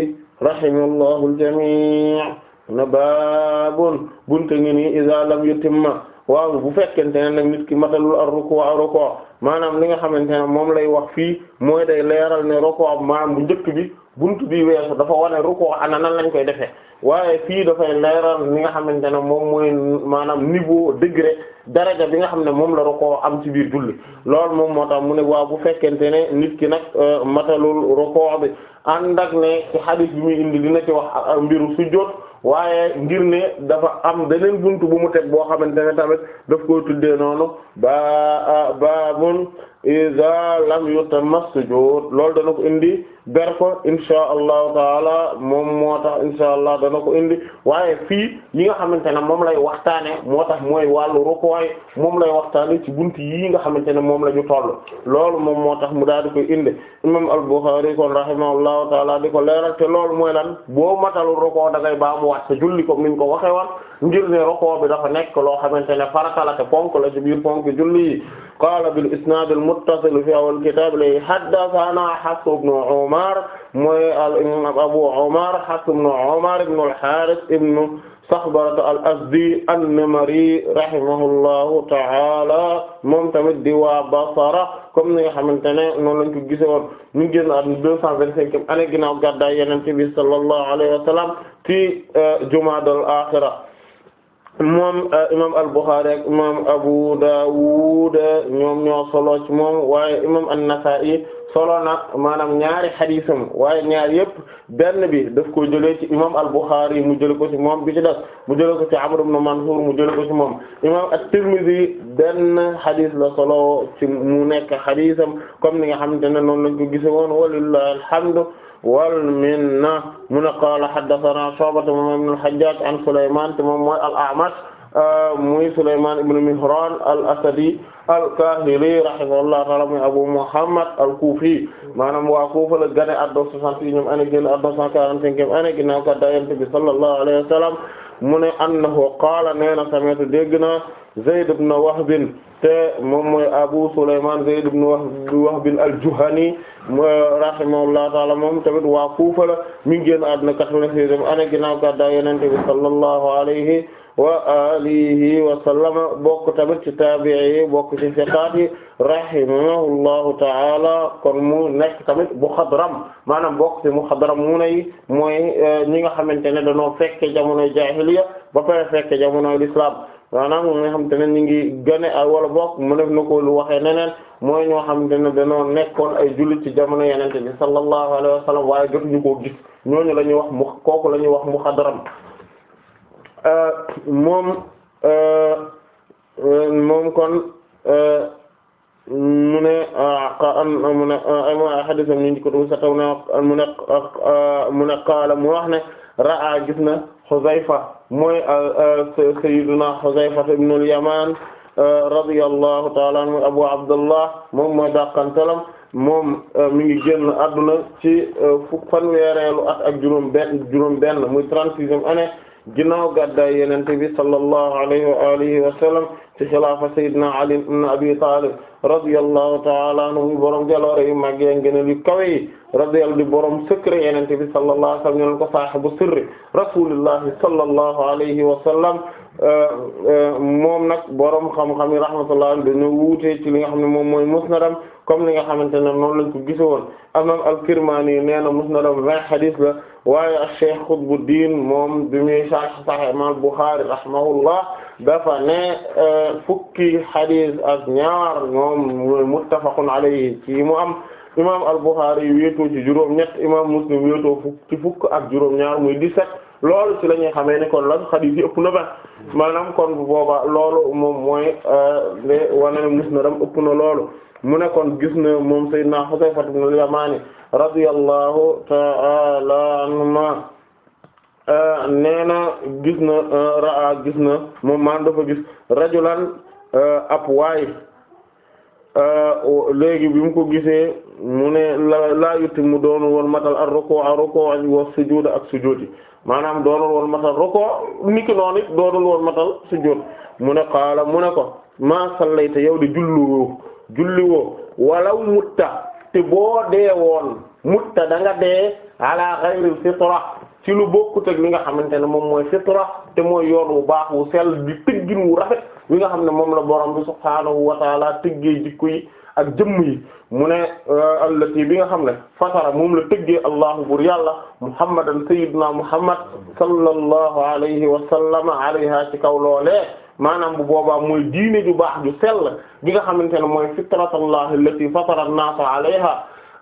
Speaker 2: rahimahullahu al-jamii' na baabun bunte ngi nii iza lam yutimma waaw bu fekkente ne nag nit ki matalul ar ruku wa ruku maanaam li nga xamante ne moom lay wax fii mooy day leeral ne ruku maanaam bu njëkk bi buntu bi weesu dafa wane ruku ana nan lañ koy defee waaye fii dafay leeral li nga xamante ne moom mooy maanaam niveau degré daraja bi nga xam ne moom la ruku am ci biir julli loolu moom moo tax mu ne waaw bu fekkente ne nit ki nag euh, matalul ruku bi ànd ak ne ci hadith bi muy indi dina ci wax euh, mbiru sujjóot waaye ngir ne dafa am beneen buntu bu mu teg boo xamante ne tamit daf koy tuddee noonu ba babun iza lam yutamas sujud loolu dana ko indi ber ko insha allahu taala moom moo tax insha allah dana ko indi waaye fii yi nga xamante ne moom lay waxtaane moo tax mooy wàllu rukkooy moom lay waxtaane ci buntu yii nga xamante ne moom la ñu toll loolu moom moo tax mu daal di koy indi imam al-Bukhari kon rahimahullahu taala di ko leeral te loolu mooy lan boo matalu rukkoo da ngay baa mu waat sa julli ko niñ ko waxee woon ngir ne rukkoo bi dafa nekk loo xamante ne farata ponk la biir ponk julli qaala bil isnaad al muttasil fi awwal kitaab li haddathanaa Hafs ibn Umar mooy Abu Umar Hafs ibn Umar ibn al-Haarith ibn Saxbarata al-Azdi an-Namari rahimahullahu ta'ala moom tamit di waa Basra comme ni nga xamante ne noonu lañ ko gisee woon ñu génn at deux cent vingt-cinq année ginnaaw gàddaay Yonent bi sallallahu alayhi wa sallam ci euh, jumaadal axira moom euh, imam al-Bukhari ak imam Abu Dawud ñoom ñoo solo ci moom waaye imam an-Nasa'i solo na maanaam ñaari xadisam waaye ñaar yëpp benn bi def ko jëlee ci imam al-Bukhari mu jëlee ko ci moom bi ci des mu jëlee ko ci Amr ibn Mansur mu jëlee ko ci moom imam at-Tirmidhi benn xadis la solo ci mu nekk xadisam comme ni nga xamante ne noonu lañ ko gise woon walillahi alhamdu wal minna mu ne qaala haddathana Shu'ba moom ibn al-Hajjaj an Sulaymaan te moom mooy al-A'mash muy Sulaymaan ibn Mihraan al-Asadi al-Kaahili rahimahullahu ta'ala muy Abu Muhammad al-Kufi maanaam waa Kufa la gane at 268 ane génn at 245 ane ginnaaw kàddaa Yonent bi sallallahu alayhi wa sallam mu ne annahu qaala nee na sami'tu dégg na Zayd ibn Wahb te moom mooy Abu Sulaymaan Zayd ibn Wahb al-Juhani rahimahullahu ta'ala moom tamit waa Kufa la mi ngi génn àdduna 96e année ginnaaw gàddaay Yonent bi sallallahu alayhi wa alihi wa sallam bokk tamit ci taabi'i bokk ci siqaat yi rahimahullahu ta'ala kon mu nekk tamit muxadram maanaam bokk mu muxadram mu ne mooy eh, ñi nga xamante ne dañoo fekke jamonoy jaahiliya ba pare fekke jamonoy l'islam maanaam moom nga xamante ne ñu ngi gane wala bokk mu def na ko lu waxee neneen mooy ñoo xamante ne dañoo nekkoon ay jullit ci jamono yenente bi sallallahu alayhi wa sallam waaye jotuñu koo gis ñooñu la ñuy wax mu kooku la ñuy wax mu xadaram euh, moom euh, euh, moom kon mu ne mu ne xadisam ko du na mu ne mu mu wax ne raa gis na Xuzayfa mooy euh, euh, sayyiduna Hudhayfa ibn al-Yaman euh, radiyallahu ta'ala anhu Abu Abdullah moom mooy dàqantalam moom mi ngi génn adduna ci fukk fanweereelu at ak juróom benn juróom benn muy trente-sixième année ginnaaw gàddaay Yonent bi sallallahu alayhi wa alihi wa sallam ci xilaafa Seydina Ali ibn Abi Talib radiyallahu ta'ala anhu muy borom jaloore yu màgg yi ngeen yu kawe yi radiyallahu di borom secret Yonent bi sallallahu alayhi wa sallam ñu ko saahibu sirri rasulillahi sallallahu alayhi wa sallam moom nag borom xam-xam yi rahmatullah dañu wuute ci li nga xam ne moom mooy musnadam comme ni nga xamante ne noonu lañ ko gisoon imam al-Kirmani nee na musnadam vingt hadith la waaye a Cheikh Qutbuddin moom bi muy sarh Sahih imam Bukhari rahimahullah dafa ne eh, fukki hadith ak ñaar moom mooy muttafaqun alayhi ci mu am imam al-Bukhari wéetoo ci juróom ñett imam Muslim wéetoo fukk ci fukk ak juróom ñaar muy dix loolu ci la ñuy xamee ni kon lan hadith yi ëpp na ba maanaam kon bu boobaa loolu moom mooy de eh, wane ne musnadam ëpp na loolu mu ne kon gis na moom Seydina Hudayfa ibn al-Yamani radiyallahu ta'ala anhuma euh, nee na gis na euh, raa ah, gis na moom maan dafa gis rajulan euh, ab waay léegi bi mu ko gisee mu ne la laa yutti mu doonu woon matal ak roko a roko ak wa sujuuda ak sujuudi maanaam doonul woon matal roko niki noonu it matal sujuud mu ne qaala mu ne ko maa sallayta yow di julluwoo julliwoo walaw mutta te boo dee woon mutta da nga dee ala xayril fitra ci lu bokkut ak li nga xamante ne moom mooy fitra te mooy yoon wu baax wu sell di tëggin wu rafet wi nga xam ne moom la borom bi subhaanahu wa taala tëggee jikko yi ak jëmm yi mu ne euh, allati bi nga xam ne fatara moom la tëggee allahu bur yàlla muhammadan sayyidina muhammad sallallahu alayhi wa sallama alayha ci kaw loole maanaam bu boobaa mooy diine ju baax ju sell bi nga xamante ne mooy fitratallahi allati fatara an-nasa alayha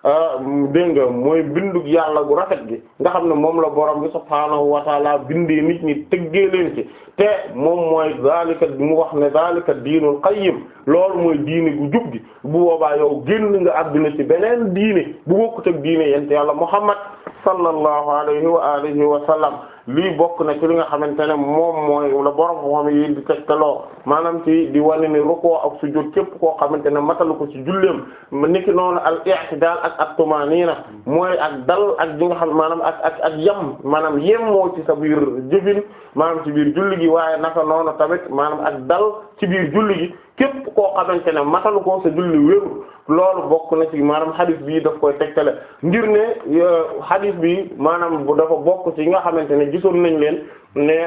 Speaker 2: euh, dégg nga mooy bindug yàlla gu rafet gi nga xam ne moom la borom bi subhaanahu wa taala bindee nit ñi tëggee leen ci te moom mooy zalika mu wax ne zalika diinul qayyim loolu mooy diine gu jub gi bu boobaa yow génn nga adduna ci beneen diine bu bokkut ak diine yent yàlla muhammad sallallahu alayhi wa alihi wa sallam lii bokk na ci li nga xamante ne moom mooy la borom moom yi di tegtaloo ci di wane ni rukoo ak sujjóot képp koo xamante ne matalu ko ci julleem niki noonu al daal ak at-tumaaniina mooy ak dal ak li nga xam maanaam ak ak ak yam maanaam yemmoo ci sa biir jëfin maanaam ci biir julli gi waaye naka noonu tamit maanaam ak dal ci biir julli gi képp koo xamante ne matalu ko sa julli wéru loolu bokk na ci maanaam xadis bi daf koy tegtale ngir ne euh, xadis bi maanaam bu dafa bokk ci nga xamante ne gisoon nañ leen ne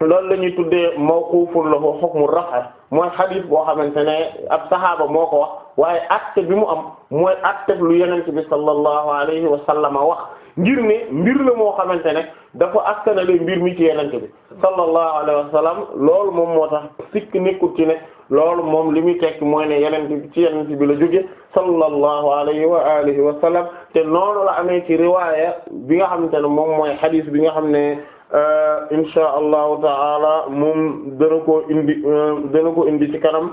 Speaker 2: loolu lañuy ñuy tuddee mawqufun lahu hukmu raf'a mooy xadis boo xamante ne ab saxaaba moo ko wax waaye acte bi mu am mooy acte lu yenente bi sallallahu alayhi wa sallama wax ngir ne mbir la moo xamante ne dafa askanale mbir mi ci yenente bi sallallahu alayhi wa loolu moom moo tax sikk nekkul ci ne loolu moom li muy tekk mooy ne yeneen bi ci yeneen bi la jóge sallallahu alayhi wa alihi wa sallam te noonu la amee ci riwaaya bi nga xamante ne moom mooy xadis bi nga xam ne euh, insha allahu taala moom dana ko indi euh, ko indi ci kanam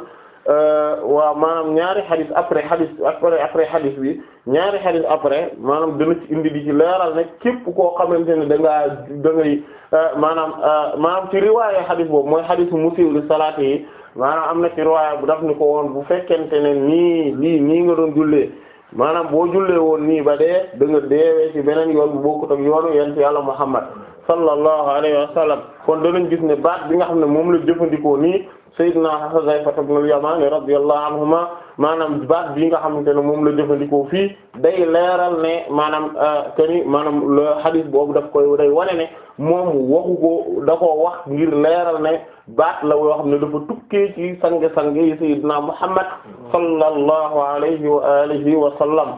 Speaker 2: euh, waaw maanaam ñaari xadis après xadis après après xadis bi ñaari xadis après maanaam dana ci indi di ci leeral nag képp koo xam ne da ngaa da ngay maanaam maanaam ci riwaayé xadis boobu mooy xadisu musiw li salaati yi maanaam am na ci riwaaya bu daf ni ko woon bu fekkente ne nii lii nii nga doon jullee maanaam boo jullee woon nii ba dee da deewee ci beneen yoon bu bokkut ak yoonu yent yàlla Muhammad sallallahu alayhi wa sallam kon danañ gis ne baat bi nga xam ne moom la jëfandikoo nii sayyidina Huzayfa ibn al-Yamani radiyallahu anhuma maanaam baat bii nga xam ne moom la jëfandikoo fii day leeral ne maanaam euh, que ni maanaam le boobu daf koy day wane ne moom waxu ko wax ngir leeral ne baat la yoo xam ne dafa tukkee ci sange-sange yi sayyidina Muhammad sallallahu alayhi wa alihi wa sallam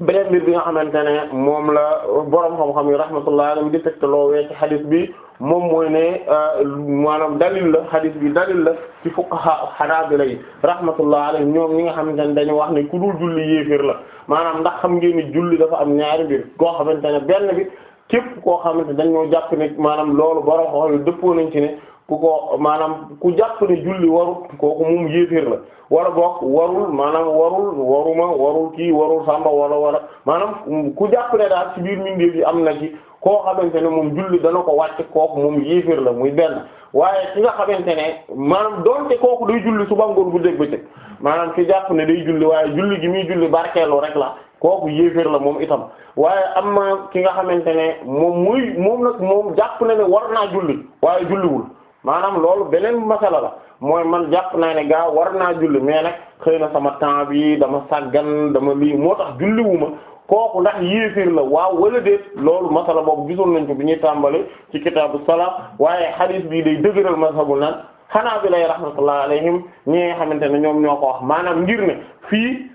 Speaker 2: beneen mbir bi nga xamante ne moom la borom xam-xam yi rahmatullah alayhi di tegtaloo wee ci xadis bi moom mooy ne euh, maanaam dalil la xadis bi dalil la ci fuqaha xanaabila yi rahmatullah alayhi ñoom ñi nga xamante ne dañu wax ne ku dul julli yéefir la maanaam ndax xam ngeen ni julli dafa am ñaari mbir koo xamante ne benn bi képp koo xamante dañoo jàpp ne maanaam loolu borom xam-xam yi dëppoo nañ ci ne ku maanaam ku jàpp ne julli warut kooku moom yéefir la wala bokk warul maanaam warul waruma warul kii warul sàmba wala wala maanaam ku jàpp ne daal ci biir mindeef yi am na ci koo xamante ne moom julli dana ko wàcc kooku moom yéeféer la muy benn waaye ki nga xamante ne maanaam doonte kooku day julli suba ngoon bu dégg bëccëg maanaam ki jàpp ne day julli waaye julli gi muy julli barkeelu rek la kooku yéeféer la moom itam waaye am na ki nga xamante ne moom muy moom nag moom jàpp na ne war naa julli waaye julliwul maanaam loolu beneen masala la mooy man jàpp naa ne gaa war naa julli mais nag xëy na sama temps bi dama sàggan dama lii moo tax julliwuma kooku ndax yéefir la waaw wala déet loolu masala boobu gisoon nañ ko bi ñuy tàmbale ci kitaabu salaat waaye hadith bii day dëgëral mazhabu naan xanaa bi lay rahmatullah alayhim ñi nga xamante ne ñoom ñoo ko wax maanaam ngir ne fii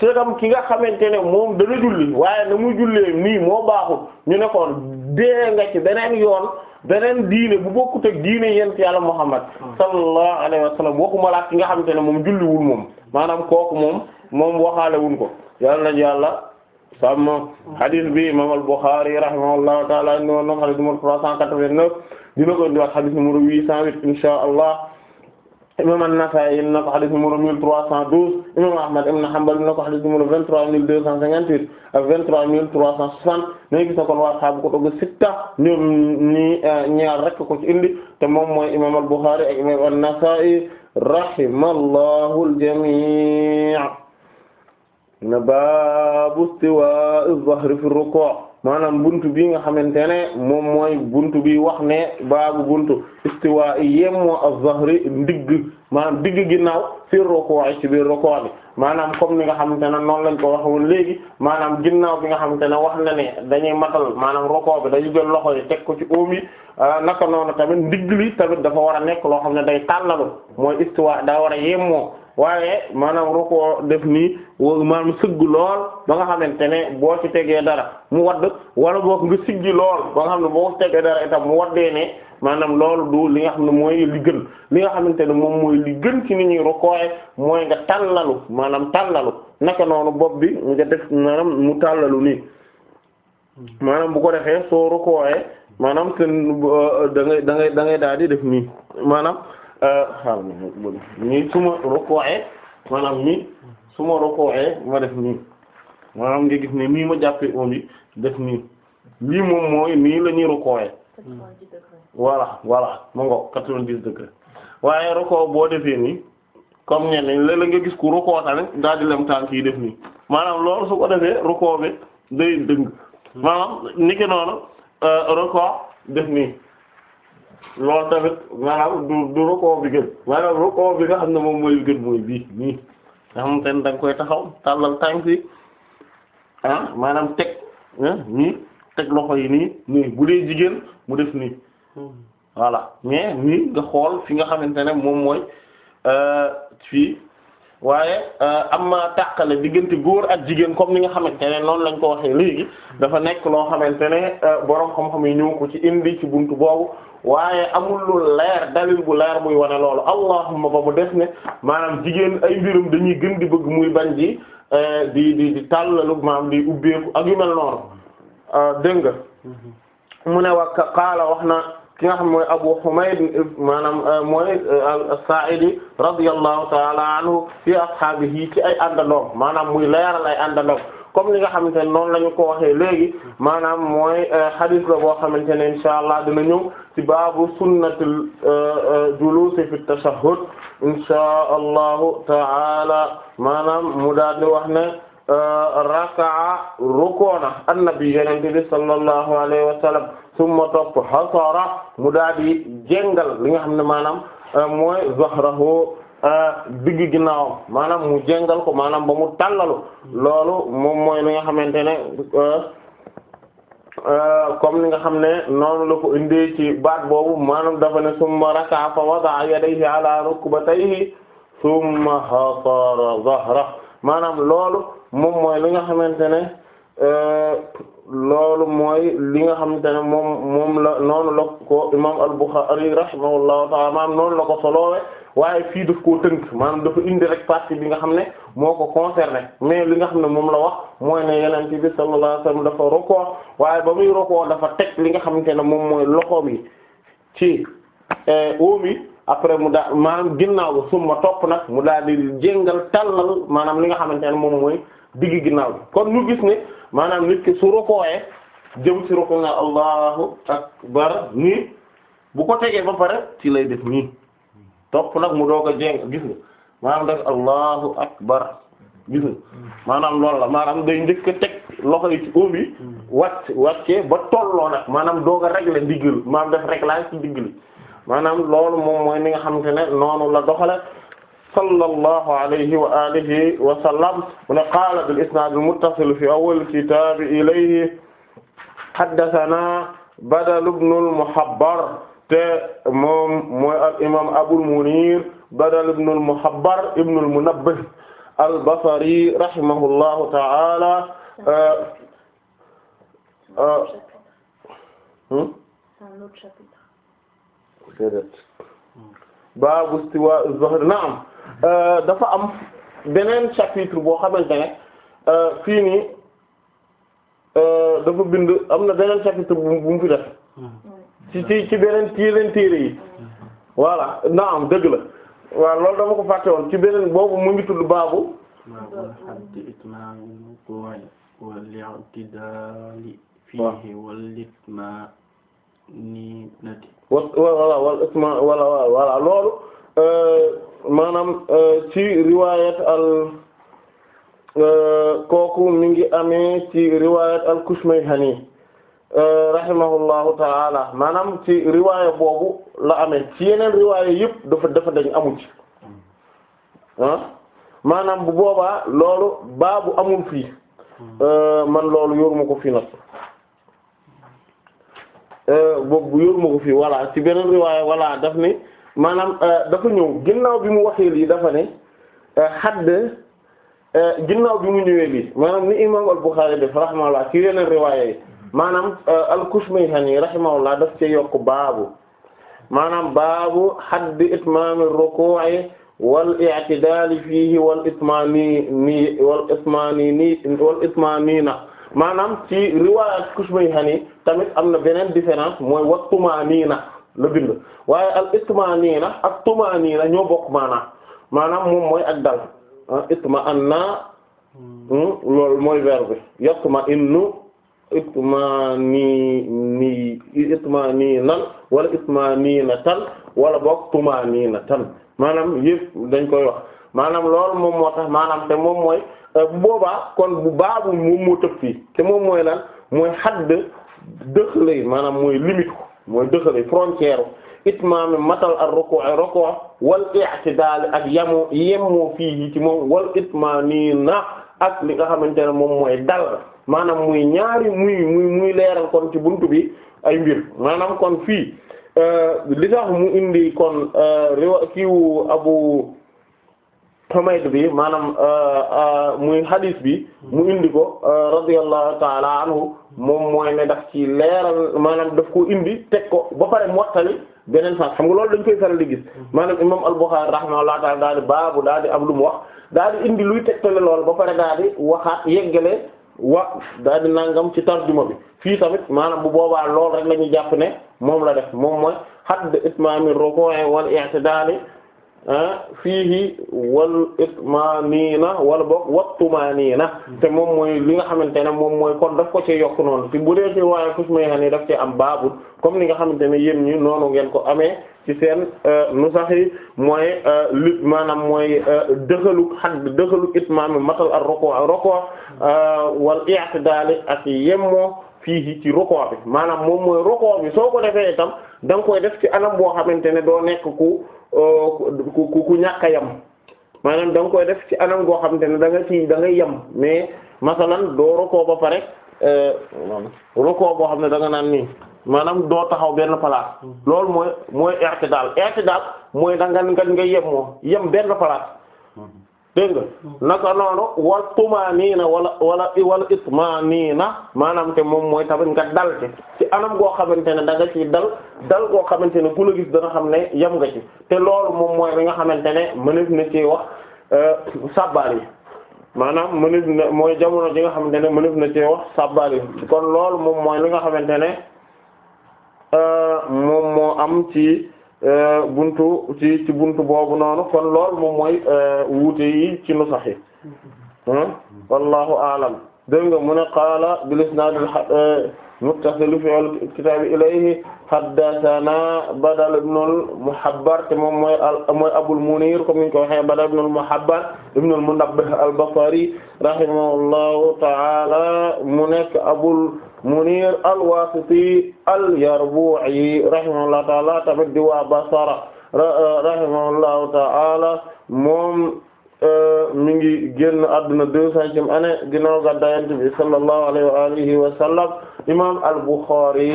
Speaker 2: segam ki nga xamante ne moom dana julli waaye na muy jullee nii moo baaxul ñu ne kon dee nga ci beneen yoon beneen diine bu bokkut ak diine yent yàlla Muhammad hmm. sallallahu alayhi wa sallam waxuma laa ki nga xamante ne moom julliwul moom maanaam kooku moom moom waxaale wuñ ko yàlla nañ yàlla sàmm hadith bi imam al-Bukhari rahimahullahu ta'ala indi woon na hadith numéro 389 dina ko indiwaat hadith numéro 808 inshaa Allah imam an-Nasa'i indi na ko xadis numéro 1312 imam Ahmad ibn Hanbal indi na ko xadis numéro 23258 ak 23360 ñi gis na kon waa xaabu ko dogg sitta ñoom ñi eh, ñaar rek ko ci indi te moom mooy imam al-Bukhari ak imam an-Nasa'i rahimallahu al-jami' na baabu istiwa az-zahri fi ar-ruku' maanaam buntu bi nga xamante ne moom mooy buntu bi wax ne baabu buntu istiwa yemmoo az-zahri ndigg maanaam digg ginnaaw fi ruku'i ci biir ruku' bi maanaam comme ni nga xamante ne noonu lañ ko wax woon léegi maanaam ginnaaw bi nga xamante ne wax na ne dañuy matal maanaam ruku' bi dañu jël loxo yi teg ko ci óom yi ah, naka noonu tamit ndigg li tamit dafa war a nekk loo xam ne day tàllalu mooy istiwa daa war a yemmoo waaye maanaam ruko def nii maanaam sëgg lool ba nga xamante ne boo ci tegee dara mu wadd wala boog nga siggi lool ba nga xam ne boo tegee dara itam mu waddee ne maanaam loolu du li nga xam ne mooy li gën li nga xamante ne moom mooy li gën ci ni ñuy rukooye mooy nga tàllalu maanaam tàllalu naka noonu bopp bi nga def maanaam mu tàllalu nii maanaam bu ko defee soo rukooye maanaam ten euh, da ngay da ngay da ngay di def nii maanaam xaal mi su ma rukkooxee maanaam mi su ma rukkooxee ma def nii maanaam nga gis nii ma jàppee oom bi def nii lii moom mooy nii la ñuy rukkooxee wala voilà ma ngo quatre-vingt-dix degrés waaye rukkoo boo defee nii comme ñenn léeg-léeg nga gis ku rukkoo tamit daal di lem tànk def nii maanaam loolu su defee rukkoo bi day dëng maanaam niki noonu euh, def nii loolu tamit maanaam du du rukoo bi gën maanaam rukoo bi nga xam ne moom mooy gën mooy bii nii nga xamante ne da nga koy taxaw tàllal tànk yi ah maanaam teg ah, nii teg loxo yi nii nii bu dee jigéen mu def nii voilà mais nii nga xool fi nga xamante ne moom mooy euh, fii waaye euh, am ma tàqale diggante góor ak jigéen comme ni nga xamante ne noonu lañ ko waxee léegi dafa nekk loo xamante ne euh, boroom xam-xam yi ñëw ko ci indi ci buntu boobu waaye amul leer dalil bu leer muy wane lool allahumma ba mu def ne maanaam jigéen ay mbirum dañuy gën di bëgg muy bañ di eh, di di di di ubbeeku ak yu mel noonu ah, dégg nga mu ne wa qaala na ki nga xam mooy Abu Humayd maanaam eh, mooy eh, as-Sa'idi ta'ala anhu fi ashaabihi ci ay àndandoom maanaam muy leeral ay àndandoom comme li nga xamante ne noonu la ñu ko waxee léegi maanaam mooy euh, hadith la boo xamante ne insha allah dina ñëw ci baabu sunnatul euh, euh, julus fi tashahhud insha taala maanaam mu daal di wax ne raka'a rukoona annabi yenente bi sallallahu alayhi wa sallam hasara mu daal di jengal li nga xam ne maanaam mooy zahrahu digg ginnaawam maanaam mu jëngal ko maanaam ba mu tàllalu loolu moom mooy li nga xamante ne euh, euh, comme li nga xam ne noonu la ko indee ci baat boobu maanaam dafa ne summa raka'a fa wada'a yadayhi ala rukbatayhi summa hasara zahra maanaam loolu moom mooy li nga xamante ne euh, loolu mooy li nga xamante ne moom moom la noonu la ko imam al-Bukhari rahimahullahu ta'ala maanaam noonu la ko waaye fii daf koo tënk maanaam dafa indi rek partie bi nga xam ne moo ko concerné li nga xam ne moom la wax mooy ne yeneen ci bi sallallahu alayhi wasallam dafa rokoo waaye ba muy rokoo dafa teg li nga xamante ne moom mooy loxoom yi ci oom eh, après mu daa maanaam ginnaaw bi summa topp nag mu daal di jéngal tàllal maanaam li nga xamante ne moom mooy digg ginnaaw bi kon ñu gis ne maanaam nit ki su rokooyee jëm ci roko nga allahu akbar nii bu ko tegee ba pare ci lay def nii topp nag mu doog a jéng gis nga maanaam def allahu akbar gis nga maanaam loolu la maanaam day njëkk a teg loxo yi ci óom yi wàcc wàccee ba tolloo nag maanaam doog a régler ndigal maanaam def réglage ci ndigal maanaam loolu moom mooy ni nga xamante ne noonu la doxale sallallahu alayhi wa alihi wa sallam mu ne qaala bil isnaad al muttasil fi awwal kitaab ilayhi haddathana badal ibn al muhabbar te moom mooy al imam Abul Munir Badal ibn al-Muhabbar ibn al-Munabbih al-Basri rahimahullahu
Speaker 3: ta'ala euh, euh,
Speaker 1: hmm? baabu
Speaker 2: istiwaa az-zahr naam euh, dafa am beneen chapitre boo xamante ne fii nii dafa bind am na beneen chapitre bu mu fi def hmm. ci ci ci beneen ci yeneen téere yi voilà naam dëgg la waaw lool dama ko fàtte woon ci beneen boobu mu ngi tudd baabu
Speaker 1: wala wal wala voilà loolu
Speaker 2: euh, maanaam euh, ci riwayat al euh, kooku mi ngi amee ci riwayat al Kushmayhani rahimahullahu taala maanaam ci riwaaya boobu la amee ci yeneen riwaaya yëpp dafa dafa dañ amul ci ah? maanaam bu boobaa loolu bu amul fii euh, man loolu yoruma ko fii nag euh, boobu yoruma ko fii voilà ci beneen riwaaya voilà daf ni maanaam euh, dafa ñëw ginnaaw bi mu waxee lii dafa ne xadd ginnaaw bi mu ñëwee lii maanaam ni imaam al-Bukhari def rahmaallah ci yeneen riwaaya yi maanaam euh, al-Kushmayhani rahimahullah daf cee yokk baabu maanaam baabu haddi itmaami ruku'i wal i'tidaali fiihi wal itmaani wal itmaani maanaam ci riwaayat Kushmayhani tamit am na beneen différence mooy wa tumaaniina la bind waaye al itmaaniina ak tumaaniina ñoo bokk maanaam maanaam moom mooy ak dal ah, itma'anna hmm, loolu mooy verbe yatma'innu ni itmaanii itmaanii nan wala itmaanii na tan wala boog tumaanii na tan maanaam yëpp dañ koy wax maanaam loolu moom moo tax maanaam te moom mooy euh, boobaa kon bu baabu moom moo tëb fii te moom mooy lan mooy xadd dëxalay maanaam mooy limite ko mooy dëxalay frontière itmaam matal ak roko roko wal i'tidaal ak yamu yemoo fii ci moom wal itmaanii na ak li nga xamante ne moom mooy dal maanaam muy ñaari muy muy muy leeral kon ci buntu bi ay mbir maanaam kon fii euh, li tax mu indi kon euh, riwa kiiwu abu Humayd bi maanaam euh, muy hadith bi mu indi ko radiyallahu ta'ala anhu moom mooy ne daf ci leeral maanaam daf ko indi teg ko pare mu waxtali beneen sax xam nga lool dañ koy faral di gis maanaam imam al-Bukhari rahimahullahu ta'ala daal di baabu daal di am lu mu wax daal di indi luy tegtale lool ba pare daal di waxaat yeggale wa daal di nangam ci tarjuma bi fii tamit maanaam bu boobaa lool rek la ñuy jàpp ne moom la def moom mooy hadd itmaami ruku'i wal i'tidaali fiihi wal itmaaniina wala boog wattumaaniina te moom mooy li nga xamante ne moom mooy kon daf ko ci yokk noonu ci bu dee ci waaye Kushmayhani daf ci am baabul comme li nga xamante ne yéen ñi noonu ngeen ko amee ci seen euh, nu mooy euh, li maanaam mooy dëxalu it dëxalu itmaam matal ak roko roko euh, wal i'tidaal ak yemmoo fiihi ci roko bi maanaam moom mooy roko soo ko defee itam da nga koy def ci anam boo xamante ne doo nekk ku. ku ku ñàkk a yem maanaam da koy def ci anam goo xamante ne da nga ci da ngay yem mais masalan doo rokoo ba pare euh, rokoo boo xam ne danga naan nii maanaam doo taxaw benn place lool mooy mooy i'tidal i'tidal mooy daal mooy nga nga yem moo yem benn place dégg nga hmm. naka noonu wa tumaaniina wala wala wala itmaaniina maanaam te moom mooy tamit nga dal ci ci anam goo xamante ne da nga ci dal dal goo xamante ne ku la gis dana xam ne yam nga ci te loolu moom mooy li nga xamante ne mënees na ci wax euh, sabbal yi maanaam mënees na mooy jamono ji nga xamante ne mënees na ci wax sabbal yi kon loolu moom mooy li nga xamante ne euh, moom moo am ci Euh, buntu ci ci buntu boobu noonu kon lool moom mooy euh, wuute yi ci nu saxi hmm? wallahu aalam dégg nga mu ne qaala bil isnaad al euh, muttasil fi al kitaab ilayhi haddathana badal ibn al muhabbar te moom mooy mooy abul munir comme niñ ko waxee badal ibn al muhabbar ibn al munabbih al basri rahimahullahu ta'ala mu nekk abul Munir al-Wasiti al-Yarbu'i rahimahullahu ta'ala tamit di waa Basra rahimahullahu ta'ala moom euh, mi ngi génn adduna deux centième année ginnaaw gàddaay Yonent bi sallallahu alayhi wa alihi wa sallam imam al-Bukhari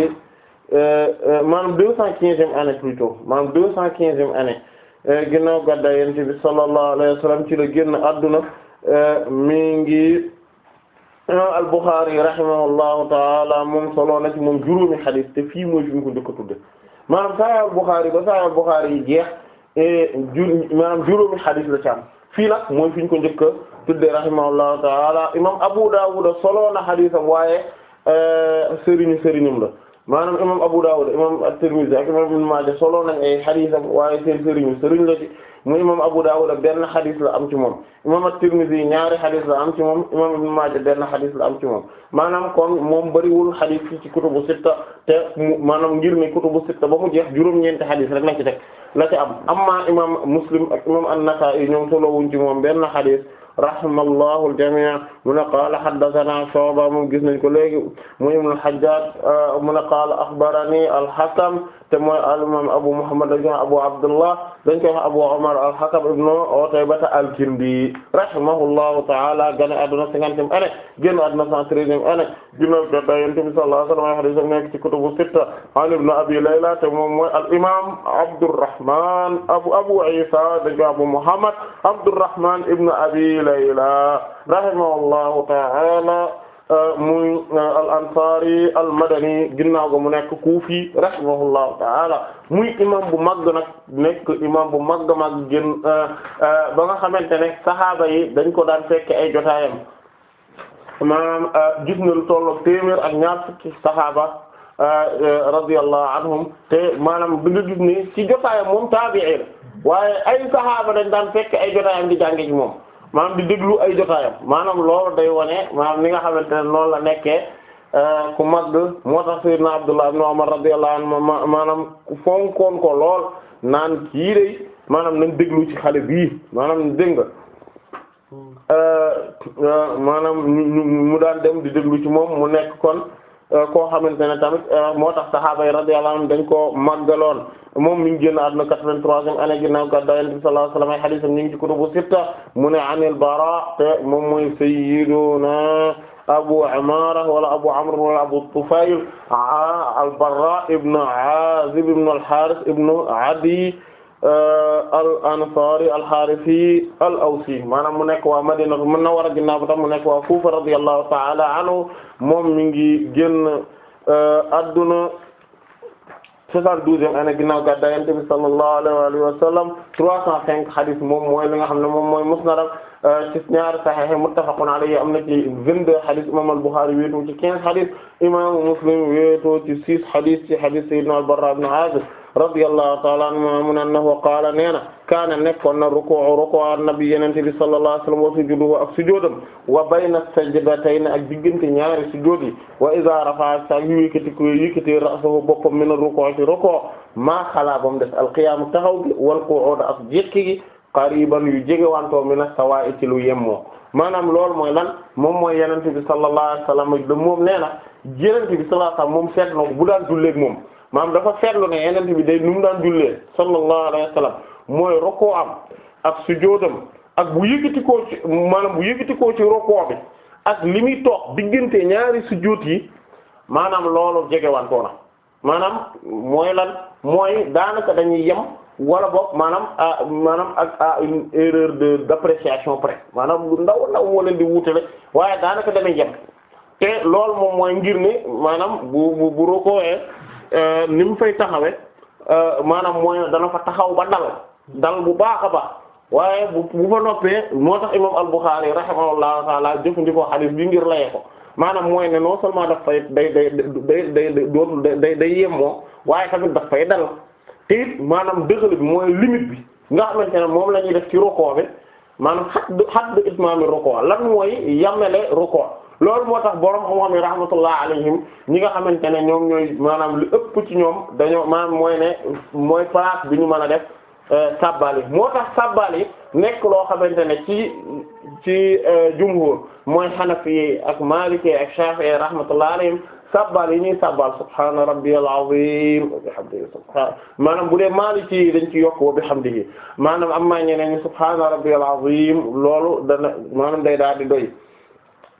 Speaker 2: euh, euh, maanaam deux cent quinzième année plutôt maanaam deux cent quinzième année ginnaaw gàddaay Yonent bi sallallahu adduna mi imam al-Bukhari rahimahullahu taala moom solo na ci moom juróomi xadis te fii mooy fi mu ko njëkk tudde maanaam Sahih al-Bukhari ba Sahih al-Bukhari yi jeex e, ju maanaam juróomi xadis la ci am fii nag mooy fi ñu ko njëkk a tudde rahimahullahu taala imam Abu Dawud solo na xadisam waaye e, sëriñu sëriñum la maanaam Abu Dawud imam at-Tirmidhi la ci mu imam Abu Dawud benn xadis la am ci moom imam At-Tirmidhi ñaari xadis la am ci moom imam Ibn Maaja benn xadis la am ci moom maanaam kon moom bëriwul xadis fii ci kutubu sitta te mu maanaam ngir ne kutubu sitta ba mu jeex juróom-ñeenti xadis rek la ci teg la ci am amma imam Muslim ak imam An-Nasa'i ñoom solo wuñ ci moom benn xadis rahimallahu al-jamii' mu ne qaala haddathanaa Shu'ba moom gis nañ ko léegi mu ibn al-Hajjaj mu ne qaala akhbaranii al-Hakam te mooy al-imam Abu Muhammad dañ koy wax Abu Abdullah dañ koy wax Abu Umar al-Hakam ibn Utaybah al-Kindi rahimahullahu ta'ala gane adduna cinquantième année génn adduna cent treizième année ginnaaw gàddaay Yonent bi sallallahu alayhi wa sallam hadith nekk ci kutubu sitta an ibn Abi Layla te moom mooy al-imam Abdurrahman Abu Abu Isa dañ koy wax Abu Muhammad Abdurrahman ibn Abi Layla rahimahullahu ta'ala Euh, muy euh, al ansari al madani ginnaaw ga mu nekk kuufi rahimahullahu taala muy imam bu mag nag nekk imam bu mag mag gën euh, ba nga xamante ne saxaaba yi dañ ko daan fekk ay jotaayam maanaam gis na lu tollook téeméer ak ñaar fukki saxaaba radiyallahu anhum te maanaam bu nga ci jotaayam moom taabi'i la waaye ay saxaaba dañ daan fekk ay jotaayam di jànge ci moom maanaam di déglu ay jotaayam maanaam loolu day wane maanaam li nga xamante ne loolu la nekkee euh, ku mag moo tax sayyidna Abdullah ibn Umar radiyallahu anhu maanaam ku fonkoon ko lool naan yii day maanaam nañ déglu ci xale bii maanaam dégg nga euh, maanaam ñu mu daan dem di déglu ci moom mu nekk kon euh, koo xamante ne tamit moo tax saxaaba yi radiyallahu anhum dañ koo lool moom mi ngi génn àdduna 83e année ginnaaw gàddaay Yonent bi sallallahu alayhi wa sallam ay hadiisam ñu ngi ci kutubu sitta mu ne anil Baraa te moom mooy sayyiduna Abu Umaara wala Abu Amr wala Abu Tufayl al-Baraa ibn Aazib ibn al-Haaris ibn Adiy euh, al ansari al harisi al awsi maanaam mu nekk waa Madina mën na war a ginnaaw tam mu nekk waa Kufa radiyallahu ta'ala anhu moom mi ngi génn adduna euh, 72e année ginnaaw gàddaay Yonent bi sallallahu alayhi wa sallam 305 hadith moom mooy li nga xam ne moom mooy musnad euh, ci ñaari sahih muttafaqun alayhi am na ci 22 hadith imam al-Bukhari wéetoo ci 15 hadith imam Muslim wéetoo ci 6 hadith ci hadith Sayyidina al-Barra ibn Azib radiyallahu ta'ala anhu mun annahu qaala nee na kaana nekkoon na ruku'u ruku'u an-nabi yenente bi sallallahu alayhi wa sallam wa sujuduhu ak sujoodam wa bayna sajdatayn ak diggante ñaari sujood yi wa idha rafa'a sa yu ko yëkkati ra'sahu boppam min ruku'u ci ruku'u maa xalaa bam des alqiyaam taxaw gi wal qu'ud ak jékki qariban yu jege wantoo min as-sawaa'i ci lu yemmoo maanaam loolu mooy lan moom mooy yenente bi sallallahu alayhi wa sallam moom nee na yenente moom seet na bu daan julleeg moom maanaam dafa seetlu ne yeneen bi day nu mu daan jullee sallallahu alayhi wa mooy roko am ak sujjóotam ak bu yëkkatikoo ci maanaam bu yëkkatikoo ci roko bi ak li muy toog diggante ñaari sujjóot yi maanaam loolu jegewantoo na maanaam mooy lan mooy daanaka dañuy yem wala boog maanaam à maanaam ak à une erreur de d'appréciation près maanaam lu ndaw ndaw moo leen di wuutale waaye daanaka damay yem te loolu moom mooy ngir ne maanaam bu bu bu Euh, ni mu fay taxawee euh, maanaam mooy dana fa taxaw ba dal dal bu baax a baax waaye bu bu fa noppee moo tax imaam al-Bukhari rahimahullahu taala jëfandikoo xadis bi ngir layee ko maanaam mooy ne non seulement daf fay day day day day doon day day yemmoo waaye tamit daf fay dal te it maanaam dëxal mooy limite bi nga xamante ne moom la ñuy def ci rukoo bi maanaam xadd xadd itmaami rukoo lan mooy yamele rukoo loolu moo tax borom xam-xam yi rahmatullah alayhim ñi nga xamante ne ñoom ñooy maanaam lu ëpp ci ñoom dañoo maanaam mooy ne mooy place bi ñu mën a def euh, sabbali moo tax sabbali nekk loo xamante ne ci ci euh, jumhur mooy xanafi ak maliki ak shafi'i rahmatullah alayhim sabbal yi ñuy sabbal subhaana rabbiyal azim wa bihamdihi maanaam bu dee maaliki ci dañ ci yokk wa bihamdihi maanaam am na ñeneen ñi subhaana rabbiyal azim loolu dana maanaam day daal di doy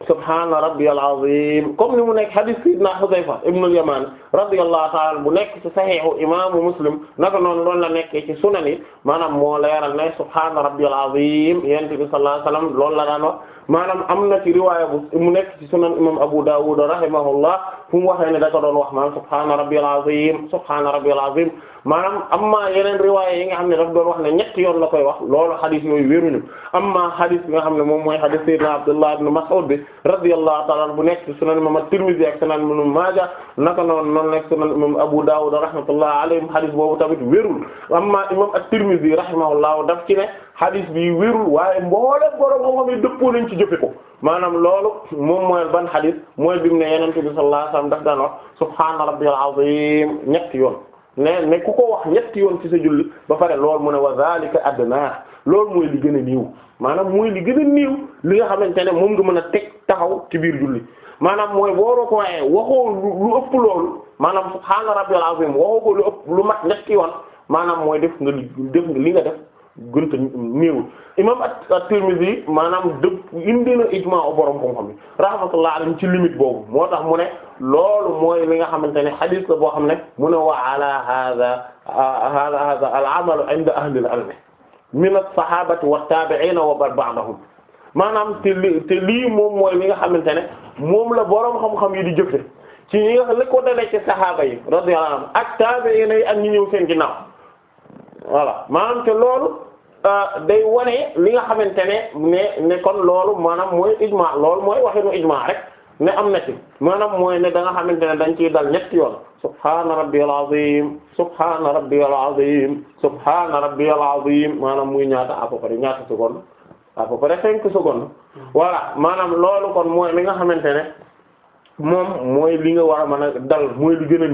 Speaker 2: subhaana rabbiyal azim comme ni mu nekk hadith sayyidina Hudayfa ibn al-Yaman radiyallahu ta'ala bu nekk ci saxiixu imaamu Muslim naka noonu loolu la nekkee ci sunan yi maanaam moo leeral ne subhaana rabbiyal azim yonent bi sallallahu alayhi wa sallam loolu la daan wax maanaam am na ci riwaaya bu mu nekk ci sunan imam Abu Dawud rahimahullah fu mu waxee ne da ko doon wax maanaam subhaana rabbiyal azim subhaana rabbiyal azim maanaam amma yeneen riwaay yi nga xam ne daf doon wax ne ñetti yoon la koy wax loolu xadis yooyu wéruñu amma xadis bi nga xam ne moom mooy xadis sayyidina Abdullah ibn Mas'ud bi radiyallahu ta'ala anhu bu nekk ci sunan imam At-Tirmidhi ak sunan imam Maaja naka noonu noonu nekk sunan imam Abu Dawud rahmatullahi alayhim xadis boobu tamit wérul amma imam At-Tirmidhi rahimahullahu daf ci ne xadis bi wérul waaye mbooleem borom xam-xam yi dëppoo nañ ci jëfe ko maanaam loolu moom mooy ban xadis mooy bi mu ne Yonent bi sallallahu alayhi wasallam daf daan wax subhaana rabbiyal azim ñetti yoon ne ne ku ko wax ñetti yoon ci sa julli ba pare loolu mu a wa zalika adna loolu mooy li gën a niiw maanaam mooy li gën a niiw li nga xamante ne moom nga mën a teg taxaw ci biir julli maanaam mooy boo rokkooyee waxoo lu ëpp loolu maanaam subhaana rabbiyal azim waxoo ko lu ëpp lu mat ñetti yoon maanaam mooy def nga def li nga def gënta néewul imam at-Tirmidhi maanaam dëpp indi na ijmaa borom xam-xam bi rahmatullah alayhi ci limite boobu moo tax mu ne lool mooy li nga xamante ne xadis la boo xam ne mu ne wa ala hadha ala hadha al-amalu inda ahli al-ilm min as-sahabati wat-tabi'ina wa ba'dahum maanaam te li te lii moom mooy li nga xamante ne moom la borom xam-xam yi di jëfte ci ñi nga la ko dalee ci saxaaba yi radiyallahu anhum ak tabi'ina yi ak ñi ñëw seen ginnaaw te loolu Euh, day wane li nga xamante ne ne ne kon loolu maanaam mooy ijma loolu mooy waxinu ijma rek ne am na ci maanaam mooy ne da nga ne dañ ciy dal ñetti yoon subhaana rabbiyal azim subhaana rabbiyal azim subhaana rabbiyal azim maanaam muy ñaata a peu près ñaata seconde à peu près cinq secondes voilà maanaam loolu kon mooy li nga xamante ne moom mooy li nga war a mën a dal mooy lu gën a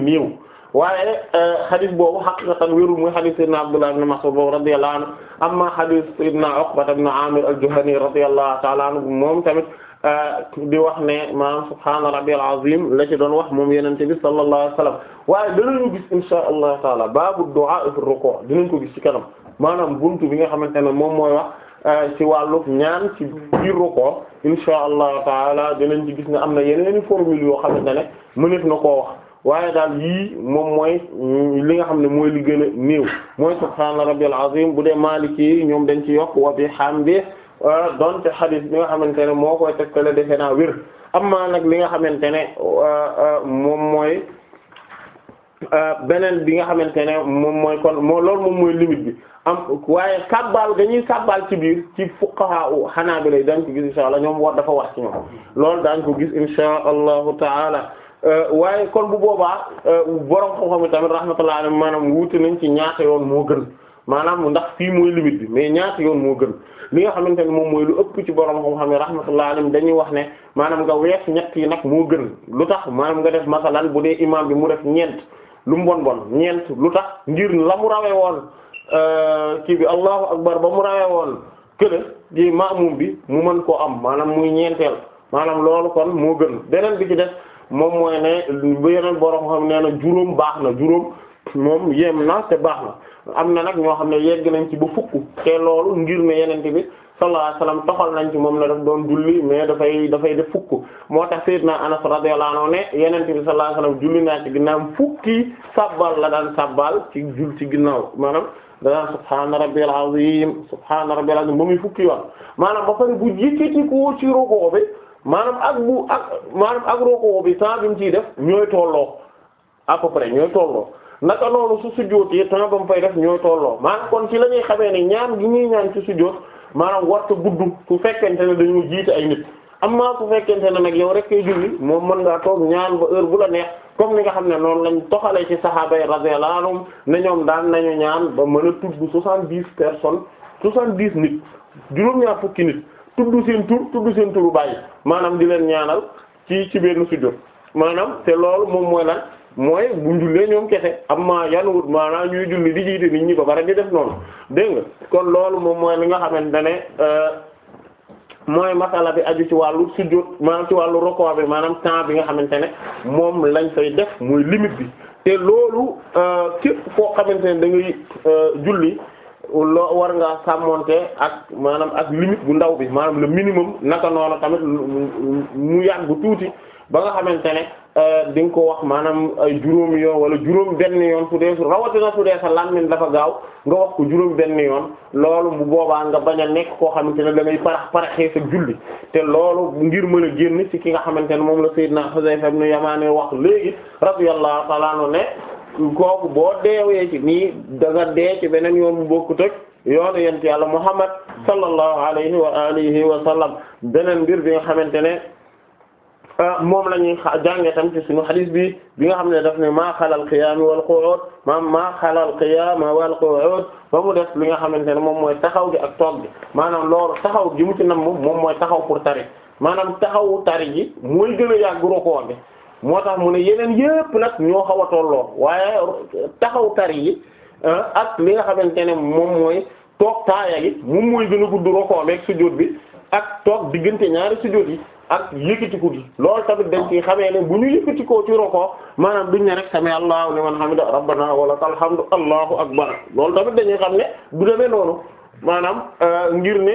Speaker 2: waaye eh, xadis boobu xaqiqatan wérul muy xadis sayyidina Abdullah ibn Mas'ud boobu radiyallahu anhu amma xadis sayyidina Uqbata ibn Amir al-Juhani radiyallahu ta'ala anhu moom tamit eh, di wax ne maanaam subhaana rabbiyal azim la ci doon wax moom yenente bi sallallahu alayhi wa sallam waaye dinañu gis insha allahu taala baabu du'a fi ruku' dinañ ko gis ci kanam maanaam buntu bi nga xamante ne moom mooy wax eh, ci wàllu ñaan ci biir ruku' insha allahu taala dinañ ci gis ne am na yeneeni formule yoo xamante ne mëneef na koo wax waaye daal yii moom mooy li nga xam ne mooy li gën a néew mooy subhaana rabbil azim bu dee maaliki ñoom dañ ci yokk wa bihamdi euh, donte xadis bi nga xamante ne moo koy tegtale defe naa wér amma nag li nga xamante ne euh, euh, moom mooy beneen bi nga xamante ne moom mooy kon moo loolu moom mooy limite bi am waaye kàbbaal dañuy kàbbaal ci biir ci fuqaha u Hanaabila dañ ko gis insha Allah ñoom war dafa wax ci ñoom loolu daañ ko gis insha Allahu taala Euh, waaye kon bu boobaa euh, borom xam-xam yi tamit rahmatullah alayhi maanaam wuute nañ ci ñaata yoon moo gën maanaam ndax fii mooy limite bi mais ñaata yoon moo gën li nga xamante ne moom mooy lu ëpp ci borom xam-xam yi rahmatullah alayhi dañuy wax ne maanaam nga ñett yi nag moo gën lu tax maanaam nga def masalan bu dee imaam bi mu def ñeent lu mu bon bon ñeent lu tax ngir la mu rawee woon euh, kii bi allahu akbar ba mu rawee woon kële di maamum bi mu mën koo am maanaam muy ñeenteel maanaam loolu kon moo gën beneen bi ci def moom mooy ne bu yeneen borom xam nee na juróom baax na juróom moom yem na te baax na am na nag ñoo xam ne yegg nañ ci ba fukk te loolu ngir ne yenente bi sallallahu alayhi wasallam toxal nañ ci moom ne daf doon julli mais dafay dafay de fukk moo tax na Anas radiyallahu anhu ne yenente bi sallallahu alayhi wasallam julli naa ci ginnaaw fukki sabbal la daan sabbal ci jul ci ginnaaw maanaam da daan subhaana rabbil azim subhaana rabbil azim ba muy fukki yoon maanaam ba pare bu yëkkati ko maanaam ak bu ak maanaam ak roko bi temps bi mu ciy def ñooy tolloo à peu près ñooy tolloo naka noonu su sujjóotee temps ba mu fay def ñooy tolloo maanaam kon ci la ñuy xamee ni ñaan gi ñuy ñaan ci sujjóot maanaam warta gudd su fekkente ne dañu jiite ay nit am amma su fekkente ne nag yow rek koy julli moom mën ngaa toog ñaan ba heure bu la neex comme ni nga xam ne noonu lañ toxalee ci sahaaba yi radiyallahu anhum ne ñoom daan nañu ñaan ba mën a tudd soixante-dix personnes soixante-dix nit juróom-ñaar fukki tudd seen tur tudd seen turu bàyyi maanaam di leen ñaanal ci ci benn sujjóot maanaam te loolu moom mooy lan mooy bu jullee ñoom kese am ma yanuwut maanaam ñuy julli di jiite nit ñi ba pare di def noonu dégg nga kon loolu moom mooy li nga xamante ne euh, mooy masala bi aju ci wàllu sujjóot maanaam ci wàllu roko bi maanaam temps bi nga xamante ne moom lañ fay def muy limite bi te loolu euh, képp koo xamante ne da ngay euh, julli loo war ngaa sàmmonte ak maanaam ak limite bu ndaw bi maanaam le minimum naka noonu tamit mu yàgg bu tuuti ba nga xamante ne euh, di nga ko wax maanaam ay juróomi yoon wala juróom benn yoon su dee rawatina su dee sa dafa gaaw nga wax ko juróom benn yoon loolu mu boobaa nga bañ a nekk koo xamante ne da ngay parax paraxee sa julli te loolu ngir mën a génn ci ki nga xamante ne moom la Sayyidna Hudayfa ibn Yamaan wax léegi radiyallahu ta'ala anhu ne kooku boo deewee ci ni da nga dee ci beneen yoon bu bokkut ak yoonu yent yàlla Muhammad sallallahu alayhi wa alihi wa sallam beneen mbir bi nga xamante ne ah, moom la ñuy jàngee tam ci suñu hadith bi bi nga xam ne daf ne maa xalal qiyaam wal qu'ud maam maa xalal qiyaam wal qu'ud ba mu def li nga xamante ne moom mooy taxaw gi ak toog gi maanaam loolu taxaw gi mu ci nam moom mooy taxaw pour tari maanaam taxawu tari gi mooy gën a yàgg rukoo bi moo tax mu ne yeneen yépp nag ñoo xaw a tolloo waaye taxaw tari yi euh, ak li nga xamante ne moom mooy toog taaya gi moom mooy gën a gudd rokoo beeg sujjóot bi ak toog diggante ñaari sujjóot yi ak yëkkatiku gi loolu tamit dañ ci xamee ne bu ñu yëkkatikoo ci rokoo maanaam duñ ne rek sami allahu liman hamida rabbana wa lakal hamdu allahu akbar loolu tamit dañuy xam ne du demee noonu maanaam euh, ngir ne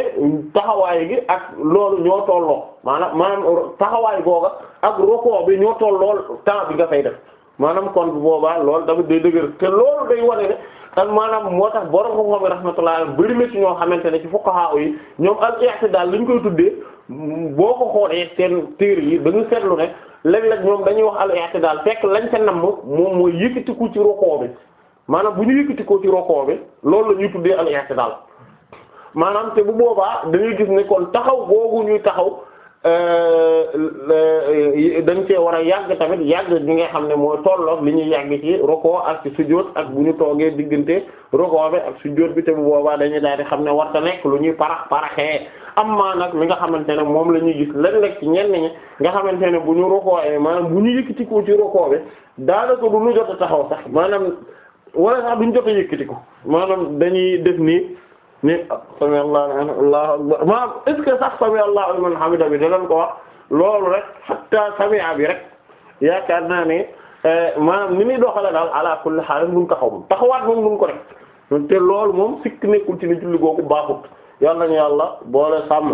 Speaker 2: taxawaay gi ak loolu ñoo tolloo maanaam maanaam taxawaay googa ak roko bi ñoo tolloo temps bi nga fay def maanaam kon boobaa lool tamit day dëgër te loolu day wane ne maanaam moo tax borom ko xam rahmatullah bari na ci ñoo xamante ne ci fuqaha yi ñoom al-i'tidal liñ koy tuddee boo ko xoolee seen téere yi dañu seetlu ne léeg-léeg ñoom dañuy wax al-i'tidal fekk lañ ca namm moom mooy yëkkatiku ci roko bi maanaam bu ñu yëkkatikoo ci roko bi loolu la ñuy tuddee al-i'tidal maanaam te bu boobaa dañuy gis ne kon taxaw googu ñuy taxaw euh, dañ cee war a yàgg tamit yàgg bi nga xam ne mooy tolloog li ñuy yàgg ci roko ak ci ak bu ñu toogee diggante roko bi ak bi te bu boobaa dañuy daal di xam ne warta nekk lu ñuy parax paraxee amma nag li xamante ne moom la ñuy gis léeg-léeg ci ñenn ñi nga xamante ne bu ñu rokoowee maanaam bu ñu yëkkati ko ci roko bi daanaka du ñu jot a taxaw sax maanaam wala sax duñ jot a yëkkati ko maanaam dañuy def nii ni sami allahu allah maanaam est-ce que sax sami allahu liman hamida bi danañ ko loolu rek hatta sami'a bi rek yaakaar naa ni eh, maanaam ni muy doxale daal ala kulli haal mun ko xaw taxawaat moom mun ko rek te loolu moom sikk nekkul ci ni julli googu baaxut yàlla nañu yàlla boole sàmm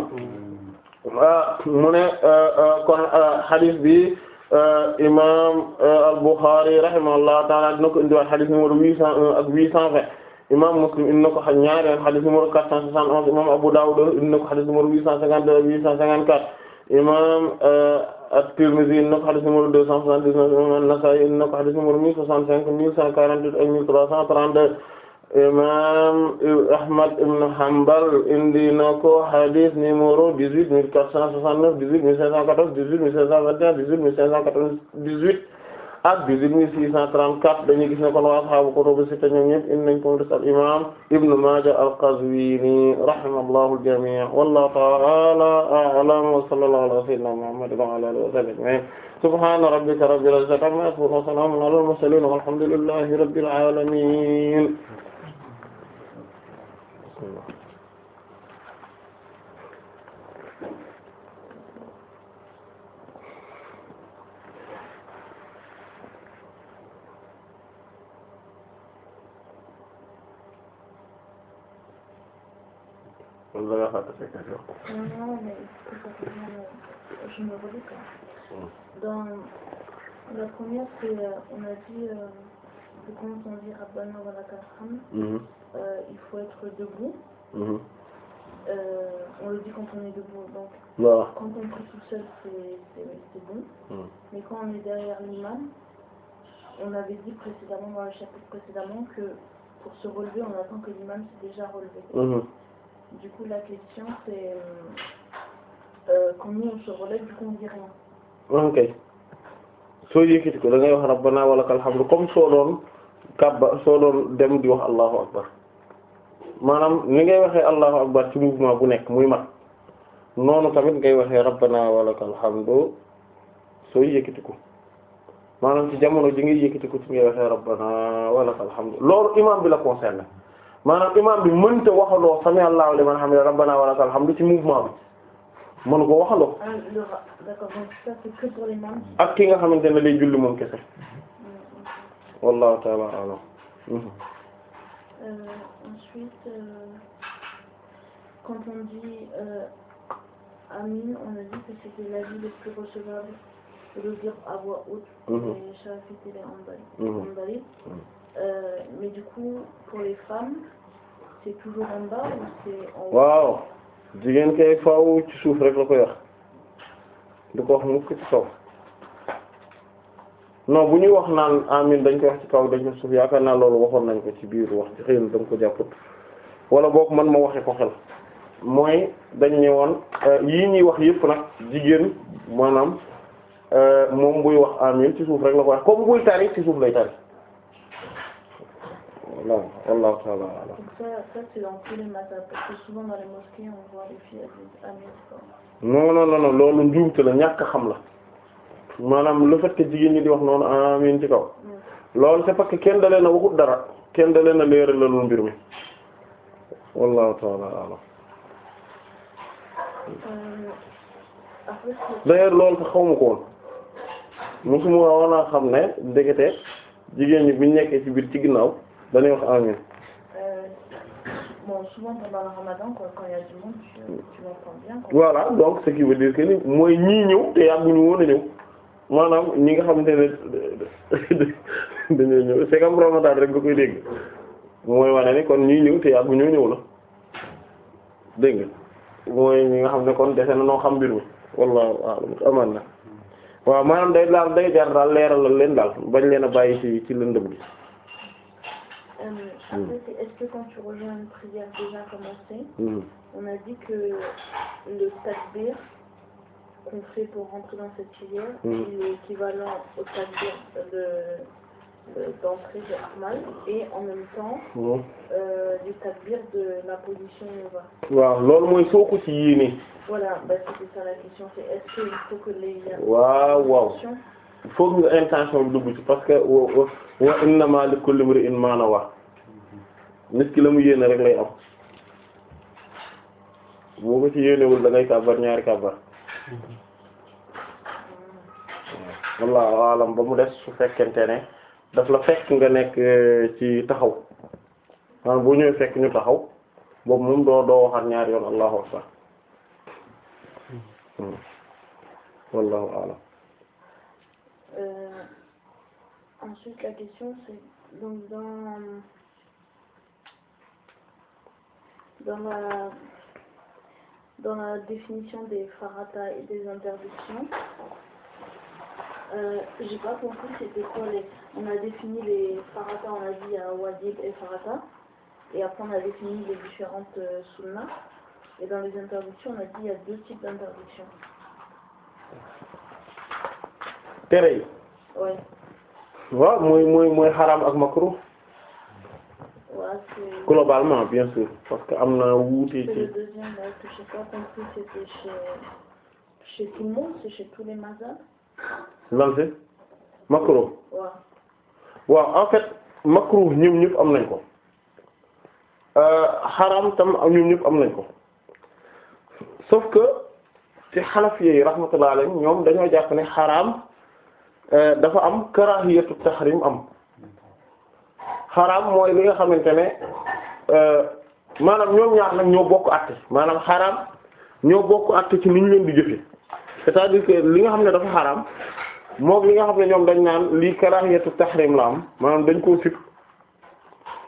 Speaker 2: ah, mu ne eh, eh, kon hadith bi imam al-Bukhari rahimahullahu ta'ala dina ko indiwaat hadith numéro 801 ak 820 imam Muslim indi na ko ñaari yoon xadis numéro 471 imam Abu Dawud indi na ko xadis numéro 852 854 imam euh, At-Tirmidhi indi na ko xadis numéro 279 imam An-Nasa'i indi na ko xadis numéro 1065 1148 ak 1332 imam Ahmad ibn Hanbal indi na ko hadith numéro 18469 18514 18521 18598 ak 18634 dañuy gis ne kon waa ashaabu kutubu sitta ñoom ñëpp indi nañ ko des al imam Ibn Maaja al-Qazwiini rahimahullahu al-jamii' wallahu ta'ala a'lam wa sallallahu ala sayyidina Muhammadin wa ala alihi wa sahbihi subhana rabbika rabbil izzati amma yasifun wa salamun ala al-mursalin walhamdulillahi rabbil alamin
Speaker 1: завершать. Je me relis quand
Speaker 3: Dans la première, c'est on a dit euh, que quand on dit Rabbana wa lakal hamd, il faut être debout. Mm-hmm. Euh, on le dit quand on est debout, donc voilà. quand on prie tout seul, c'est c'est c'est bon. Mm. Mais quand on est derrière l'imam, on avait dit précédemment dans le chapitre précédemment que pour se relever, on attend que l'imam s'est déjà relevé. Mm-hmm. Du coup, euh, euh,
Speaker 2: soo yëkkati ko da ngay wax rabbana wa lakal hamdu comme soo doon kabba soo doon dem di wax allahu akbar maanaam ni ngay waxee allahu akbar ci mouvement bu nekk muy mat noonu tamit ngay waxee rabbana wa lakal hamdu soo yëkkati maanaam ci jamono ji ngay yëkkati ci ngay waxee rabbana wa lakal hamdu loolu imaam bi la concerné maanaam imaam bi mënta waxaloo sami Allahu liman hamida rabbana wa lakal hamdu ci mouvement bi mënu ko waxaloo ah, ak ki nga xamante ne day julli moom kese wallahu
Speaker 1: ta'ala a'lam mhm.
Speaker 3: euh, ensuite euh, quand on dit euh, amin on a dit que c'était l'avis le plus recevable de le dire à voix haute mhm. et Shafi'i et Hanbali mhm. mais du coup pour les femmes c'est toujours en bas ou
Speaker 2: waaw jigéen kay faaw ci suuf rek la koy wax du ko wax mukk ci kaw non bu ñuy wax naan amin dañ koy wax ci kaw dañ ko suuf yaakaar naa loolu waxoon nañ ko ci biir wax ci xëy na ko jàpput wala boog man ma waxe ko xel mooy dañ ne woon euh, yii ñuy wax yëpp nag jigéen maanaam euh, moom buy wax amin ci suuf rek la koy wax comme buy tari ci suuf lay tari non wallahu ta'ala a'lam. Donc la ñàkk xam la maanaam le fait que jigéen ñi di wax noonu amiin ci kaw. Mm. loolu c'est parce que kenn dalee na waxut dara kenn dalee na leeralalul mbir mi
Speaker 1: wallahu ta'ala
Speaker 2: a'lam. Euh, d'ailleurs loolu sax xawma ko woon mosuma xam ne ndekete jigéen ñi bu nekkee ci biir ci ginnaaw. dañuy wax amin.
Speaker 3: bon souvent pendant le ramadan quand il
Speaker 2: y donc ce qui veut mooy ñii ñëw te yàgguñu woon ñëw maanaam ñi nga xamante ne *laughs* dañoo ñëw c'est comme ramadan rek nga koy dégg mooy wane ni kon ñii ñëw te yàgguñoo ñëw la dégg nga mooy ñi nga xam ne kon dese na noo xam mbir mi wallahu na waaw maanaam day daal day jar daal leeral leeralal leen daal bañ leen a bàyyi ci ci lëndëm bi.
Speaker 3: Mmh. Après, c'est est-ce que quand tu rejoins une prière déjà commencée, mmh. on a dit que le takbir qu'on fait pour rentrer dans cette filière, mmh. est équivalent au takbir de, de, d'entrée de Armal, et en même temps, mmh. euh, le takbir de la position où on
Speaker 2: va. waaw loolu mooy soo ko ci yéene.
Speaker 3: voilà bah, c'était ça la question c'est est-ce qu'il faut que les. waaw waaw.
Speaker 2: il faut que intention bi dugg ci parce que wa wa innamaa likulli imri'in maa nawaa nit ki la mu yéene rek lay am boo ci yéenewul da kàbbar ñaari kàbbar wallahu alam ba mu des su fekkente ne daf la fekk nga nekk eh, ci taxaw maanaam boo ñëwee fekk ñu taxaw boobu moom doo doo waxaat ñaari yoon allahu akbar hmm. wallahu
Speaker 3: dans la dans définition des farata et des interdictions euh, pas compris c'était quoi les on a défini les farata on a dit euh, il farata on a défini les différentes euh, et dans les interdictions on a dit il types d'interdictions. tere yi. oui.
Speaker 2: waaw mooy mooy mooy xaraam ak globalement bien sûr parce que am na wuute ci. le waaw en fait makruh ñoom ñëpp am nañ ko. Euh, xaram tam ñoom ñëpp am nañ ko sauf que ci xalaf yi rahmatullah alayhim ñoom dañoo jàpp ne xaram euh, dafa am karahiyatu tahrim am. xaraam mooy li nga xamante ne euh, maanaam ñoom ñaar nag ñoo bokk àtte maanaam xaraam ñoo bokk àtte ci ni leen di jëfe c'est-à-dire que li nga xam ne dafa xaraam moo li nga xam ne ñoom dañ naan lii karahiyatu tahrim la am maanaam dañ koo sib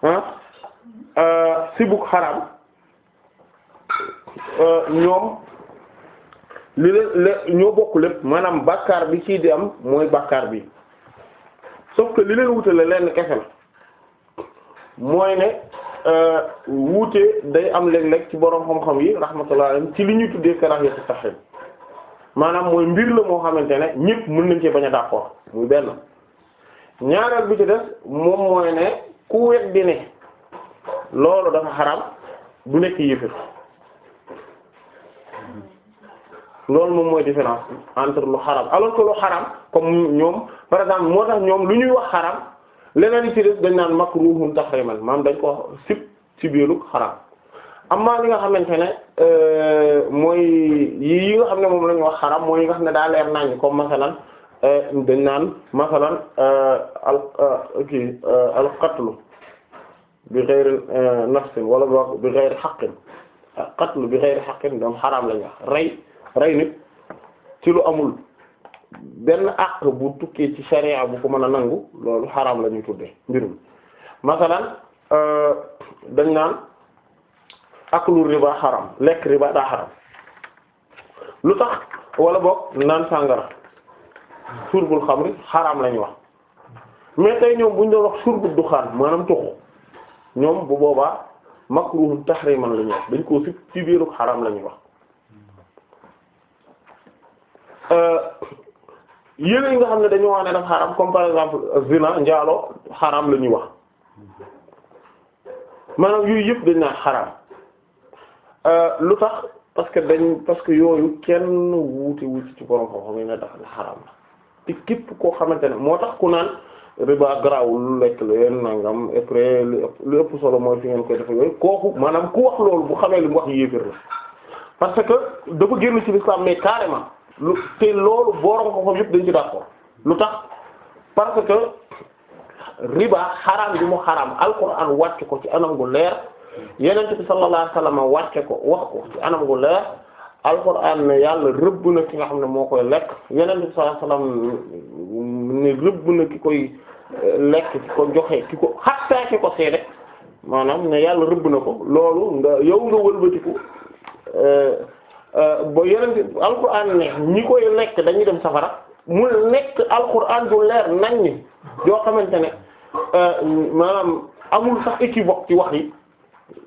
Speaker 2: ah euh, sibuk xaraam euh, ñoom li leen ñoo bokk lépp maanaam bàkkaar bi cii di am mooy bàkkaar bi sauf que li leen wutale leen kese la mooy ne euh, wuute day am léeg lekk ci borom xam-xam yi rahmatullahi alayhim ci lu ñuy tuddee karaahiyatu tahrim maanaam mooy mbir la moo xamante ne ñëpp mën nañ cee bañ a d'accord muy benn ñaareel bi ci def moom mooy ne ku weddi ne loolu dafa xaram du nekk yëfër loolu moom mooy différence entre lu xaram alors que lu xaram comme ñoom par exemple moo tax ñoom lu ñuy wax xaram leneen li ci des dañ naan makruhun tahriman maam dañ ko sib ci biiru xaraam amma li nga xamante ne euh, mooy yi nga xam ne moom la wax xaraam mooy yi nga xam ne daal leer nañ comme masalan euh, dañ naan masalan euh, al kii al qatlu bi ghayri nafsin wala boog bi ghayri haqqin qatlu bi ghayri haqqin ñoom xaraam la ñu wax rey rey nit ci lu amul benn àq bu tukkee ci sharia bu ko mën a nangu loolu xaram la ñuy tuddee mbirum masalan euh, dañ naan aklu riba xaraam lekk riba daa xaraam lu tax wala boog naan sàngara surbul xamri xaraam la ñu wax mais tey ñoom bu ñu doon wax surbu duxaan maanaam tuxu ñoom bu boobaa makruhun tahriman la ñuy wax dañ koo si ci biiru xaraam la ñuy wax euh, yére yi nga xam ne dañu wax ne daf xaram comme par exemple zina njaalo xaram la ñuy wax maanaam yooyu yëpp dañ naan xaram euh, lu tax parce que dañ parce que yooyu kenn wuute wuute ci borom xam-xam yi ne dafa xaram te képp koo xamante ne moo tax ku naan riba garaawul lu lekk la yéen nangam après lu ëpp lu ëpp solo mooy fi ngeen koy def yooyu kooku maanaam ku wax loolu bu xamee li mu wax yéefir la parce que dafa génn ci l'islam mais carrément lu te loolu borom dañ ci d'accord lu tax parce que riba xaraam bi mu xaraam alquran wàcc ko ci anam gu leer yeneen bi sallallahu alayhi wasallam ko wax ko ci anam gu leer alquran ne yàlla rëbb na ki nga xam ne moo koy lekk yeneen bi sallallahu alayhi wasallam ne rëbb na ki koy euh, lekk ki ko joxe ki ko xattaa ki ko seede maanaam ne yàlla rëbb na ko loolu nga yow nga wëlbatiku euh, Euh, ba yeneen alquran ne ñi koy lekk dañuy dem safara mu nekk alquran du leer nañ ñi yoo xamante ne euh, maanaam amul sax équivoque ci wax yi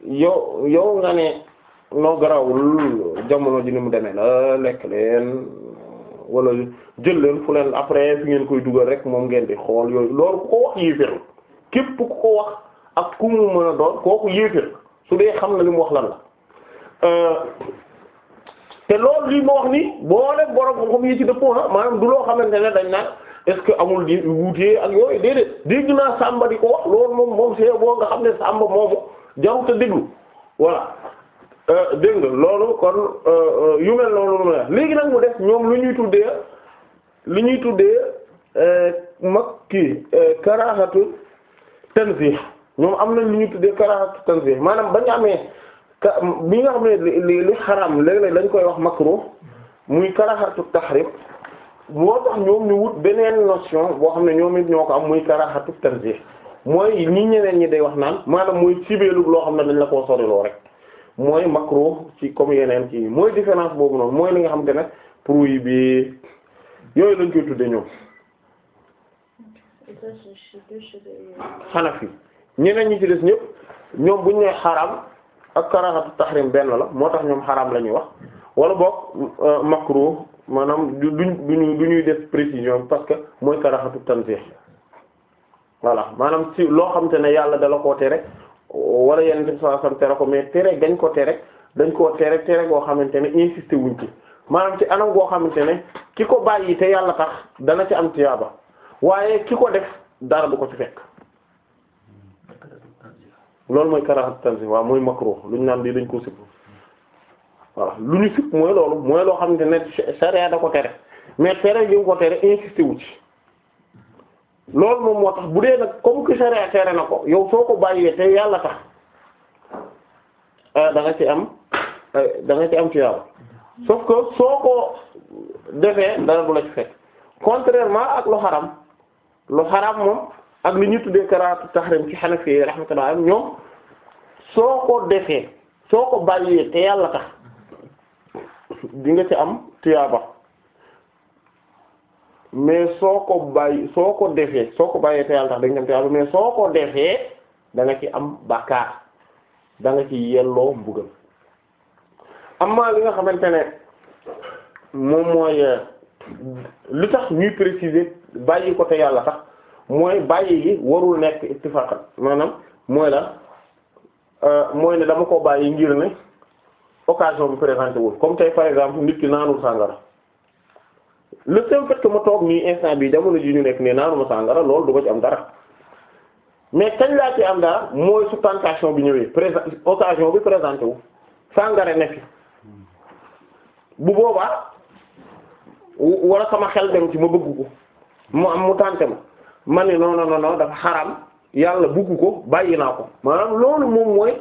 Speaker 2: yow nga ne noo garawul jamono ji ni mu demee la lekk leen wala jël leen fu leen après fi ngeen koy dugal rek moom ngeen di xool yooyu loolu ko wax yéefér képp ko wax ak ku mu mën a doon kooku yéefér su dee xam na li wax lan la euh, te loolu lii ma wax nii boo leen borom xam-xam yi ci dëppoo ah maanaam du loo xamante ne dañ naa est-ce que amul di wuutee ak yooyu déedéet dégg naa Samba di ko wax loolu moom moom see boo nga xam ne Samba moomu jarut a déglu voilà euh, dégg nga loolu kon euh, euh, yu mel loolu lu ne léegi nag mu def ñoom lu ñuy tuddee lu ñuy tuddee mag kii karaxatu tanzih ñoom am na lu ñuy tuddee karaxatu tanzih maanaam ba ñu amee. ka mi nga xam ne li li xaram léeg-léeg lañ koy wax makruh muy karaxatu tahrim moo tax ñoom ñu wut beneen notion boo xam ne ñoom it ñoo ko am muy karaxatu tarjih mooy ñi ñeneen ñi day wax naan maanaam muy cibeelu loo xam ne dañ la koo soriloo rek mooy makruh ci comme yeneen ci mooy différence boobu noonu mooy li nga xam te ne pruyi bi yooyu lañ koy tudde ñoom xanafi ñeneen ñi ci des ñëpp ñoom buñ ne xaram ak karaahatu tahrim benn la moo tax ñoom xaraam la ñuy wax wala boog euh, macro maanaam du duñ duñu du ñuy def précision parce que mooy karaahatu tanzih voilà maanaam ci loo xamante ne yàlla dala koo tere wala yeneen bi sallallahu alayhi wasallam tere ko mais tere gañ ko tere dañ koo tere tere goo xamante ne insisté wuñ ci maanaam ci anam goo xamante ne ki ko bàyyi te yàlla tax dana ci am tiyaaba waaye ki ko def dara du ko ci fekk loolu mooy karaxat tanzih waa mooy makruh lu ñu naan di dañ ko sipp voilà lu ñu sipp mooy loolu mooy loo xam ne charia da ko tere mais tere li nga ko tere insisté wu ci loolu moom moo tax bu dee nag comme que charia tere na ko yow soo ko bàyyee te yàlla tax ah, danga ci am ah, da nga ci am ci yàlla sauf ko soo ko defee dara du la ci fekk contrairement ak lu xaram lu xaram moom ak li ñu tuddee karaatu tahrim ci Hanafi rahmatullah ñoom soo ko defee soo ko bàyyee te yàlla tax di nga ci am tiyaaba mais soo ko bàyyi soo ko defee soo ko bàyyee te yàlla tax da nga ci am tiyaaba mais soo ko ci am bakkaar danga ci yelloo mbugal amma li nga xamante ne moom mooy li tax ñuy préciser bàyyi ko te yàlla tax mooy bàyyi gi warul nekk ittifaqat maanaam mooy la euh, mooy ne dama ko bàyyi ngir ne occasion bi présenté wul comme tey par exemple nit ki naanul sàngara le seul fait que ma toog nii instant bi jamono ji ñu nekk ne naanuma sàngara loolu du ko ci am dara mais kañ laa ci am dara mooy su tentation bi ñëwee présent occasion bi présenté wu sàngara nekk bu boobaa wala sama xel dem ci ma bëgg ko mu am mu tànte ma ma ne non non non dafa xaram yàlla bugg ko bàyyi naa ko maanaam loolu moom mooy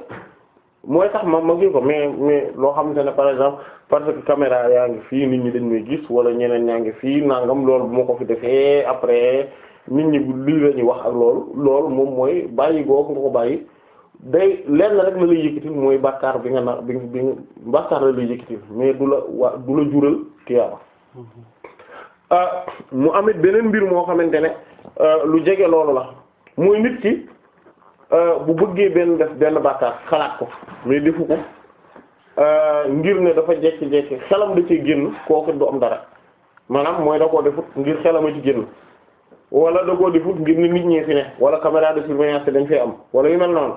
Speaker 2: mooy tax ma ma gis ko mais mais loo xamante ne par exemple parce que caméra yaa ngi fii nit ñi dañ may gis wala ñeneen ñaa ngi fii nangam loolu bu ma ko fi defee après nit ñi lii la ñuy wax ak loolu loolu moom mooy bàyyi googu nga ko bàyyi day lenn rek la lay yëkkatil mooy bàkkaar bi nga na bi bi bàkkaar la lay yëkkatil mais du la waa du la jural tiyaaba mm-hmm. ah, mu amit beneen mbir moo xamante ne Euh, lu jege loolu la mooy nit ki euh, bu bëggee benn def benn bàkkaar xalaat ko mais defu ko euh, ngir ne dafa jekki-jekki xelam da ci génn kooku du am dara maanaam mooy da koo defut ngir xelama ci wala da koo defut ngir nit ñi fi ne wala caméra de surveillance dañ fee am wala yu mel noonu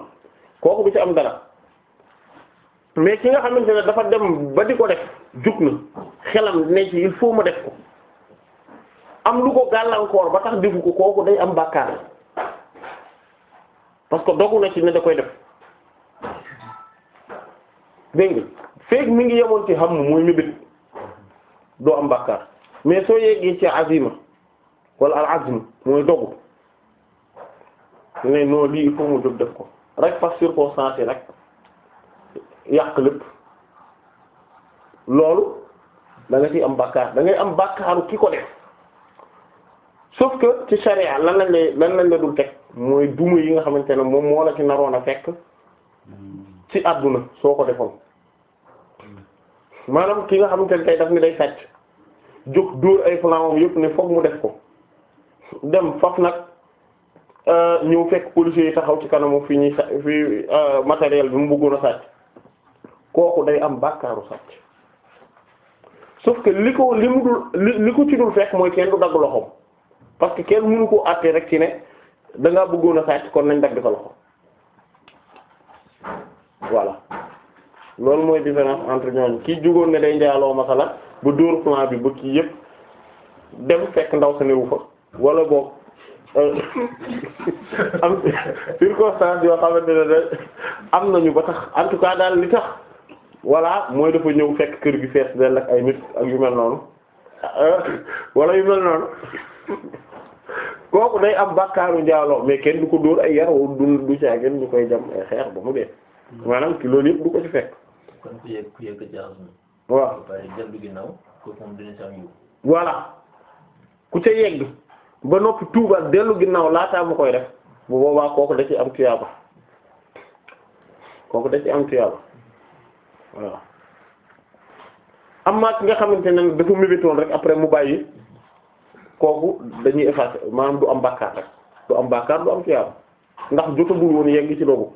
Speaker 2: kooku du ci am dara mais ki nga xamante ne dafa dem ba di ko def jug na xelam ne ci il faut ma def ko am lu ko gàllankoor ba tax defu ko kooku day am bàkkaar parce que dogu na ci ne da koy def dégg nga feeg mi ngi yemoon ci xam muy mébét doo am bàkkaar mais soo yeggee ci azima wala al azm mooy dogu ne noo lii il faut mu jóg def ko rek par circonstance rek yàq lépp loolu danga nga ciy am bàkkaar da ngay am bàkkaaru ki ko def sauf que ci charia lan lañ lay lan lañ la dul teg mooy duma yi nga xamante ne moom moo la ci naroon a fekk ci àdduna soo ko defoon maanaam ki nga xamante ne tey daf ni day sàcc jóg dóor ay flamam yëpp ne foog mu def ko dem faf nag euh, ñëw fekk policiers yi taxaw ci kanamu fi ñuy sa fi euh, matériel bi mu bëggoon a sàcc kooku day am bàkkaaru sàcc sauf que li ko li mu dul li ko ci dul fekk mooy kenn du dagg loxoom parce que kenn mënu koo àttee rek ci ne da bëggoon a sàcc kon nañ dagg sa loxo voilà loolu mooy différence entre ñooñu kii jugoon ne day njaaloo masala ba dóor plan bi ba kii yëpp dem fekk ndaw sa néew fa wala boog euh, *laughs* am yoo xamante ne da am nañu ba tax en tout cas daal li tax voilà mooy dafa ñëw fekk kër gi ay nit ak yu noonu euh, *laughs* wala yu mel noonu kooku day am bàkkaaru njaaloo mais kenn du ko dóor ay yar du du caa kenn koy jam ay xeex ba mu dee mm. maanaam ki loolu yëpp du ko ci fekk
Speaker 1: kon ku ku ginnaaw kooku moom dina ci am
Speaker 2: voilà ku ca ba noppi tuubal dellu ginnaaw laataa mu koy def bu boobaa kooku da ci am tuyaaba kooku da ci am tuyaaba waaw am na ki nga xamante ne dafa mébétoon rek après mu bàyyi kooku dañuy effacer maanaam du am bàkkaar rek du am bàkkaar du am tiyaab ndax jotagul woon yegg ci doogu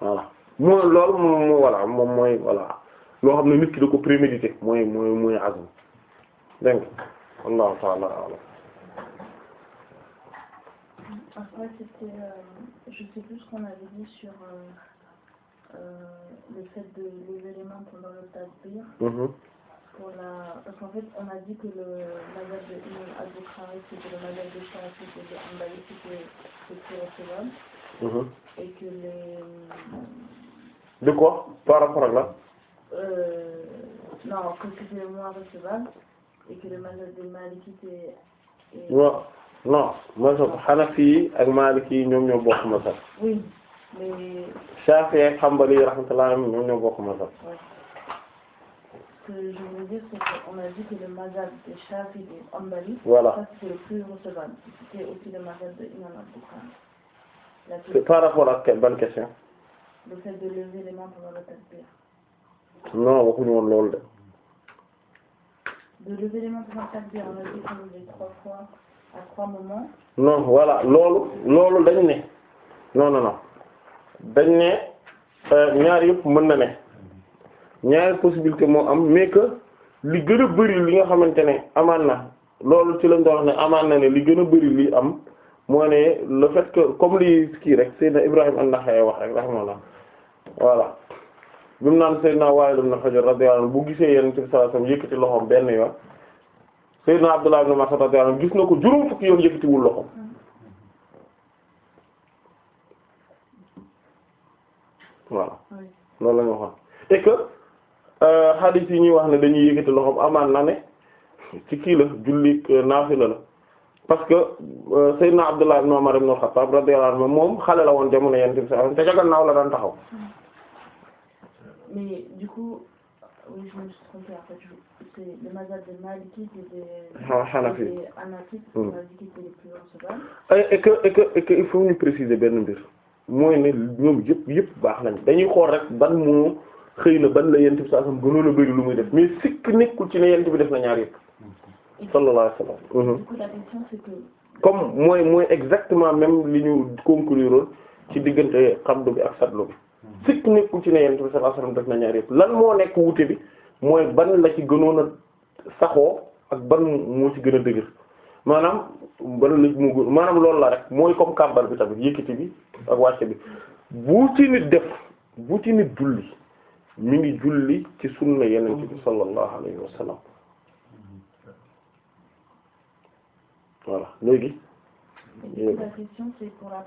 Speaker 2: voilà moo loolu mooy voilà loo xam ne nit ki da ko prémédité mooy mooy mooy azam dégg nga
Speaker 3: wallahu Après, c'était, euh, euh, euh, le fait de les éléments pendant le takbir. Mm-hmm. on a parce qu'en fait on a dit que le mazhab de Imam Al-Bukhari c'était le mazhab de ak la. Mhm. Euh, non que c'était moins recevable et que le mazhab de
Speaker 2: Hanafi yi ak Maliki yi ñoom ñoo bokk mazhab.
Speaker 3: oui mais.
Speaker 2: Shafi ak ñoom ñoo bokk mazhab.
Speaker 3: que je veux dire c'est qu'on a dit que le mazhab de Shafi'i et Hanbali, voilà
Speaker 2: par rapport à quelle le
Speaker 3: fait de lever les mains pendant le takbir.
Speaker 2: non waxuñu loolu de.
Speaker 3: de lever les mains pendant on a dit qu'on le fait trois fois à trois moments.
Speaker 2: non voilà loolu loolu dañu ne non non non ne euh, ñaar yëpp mën na ne. ñaari possibilité moo am mais li gën a bëri li nga xamante ne amaan na loolu ci lañ doon wax ne amaan na ne li gën a bëri li am moo ne le fait que comme li kii rek na Ibrahim an-Nakhai wax rek rahimahullah voilà bi mu naan Seydina Wa'il ibn Hajar radiyallahu anhu bu gisee yéen ci sallallahu alayhi wasallam yëkkati loxoom benn yoon Seydina Abdullah ibn Mas'ud radiyallahu anhu gis na ko juróom fukki yoon yëkkatiwul loxoom voilà loolu la ñu waxoon Euh, hadith yi ñuy wax na dañuy yëkkati loxoom amaan na ne ci kii la julli euh, naafila la parce que euh, Seydina Abdullah ibn Umar ibn al moom xale la woon jamono Yonent bi sallallahu alayhi wasallam te ca gannaaw la daan taxaw.
Speaker 3: mais du coup. oui je
Speaker 2: me suis ñu préciser benn mbir mooy ne ñoom yëpp yëpp baax nañ dañuy xool rek ban moo xëy na ban la yent bi sallallahu alayhi wasallam gënoon a bëri lu muy def mais sikk nekkul ci ne yent bi def na ñaar yëpp sallallahu alayhi wasallam mhm. comme mooy mooy exactement même li ñu conclure ci diggante xamdu bi ak satlu bi sikk nekkul ci ne yent bi sallallahu alayhi wasallam def na ñaar yëpp lan moo nekk wute bi mooy ban la ci gënoon a saxoo ak ban moo ci gën a dëgër maanaam ban la mu gën maanaam loolu la rek mooy comme kàmbar bi tamit yëkkati bi ak wàcc bi bu ci nit def bu ci nit julli mi ngi julli ci sunna yeneen bi sallallahu alayhi wa
Speaker 1: léegi.
Speaker 3: ma question c'est pour euh,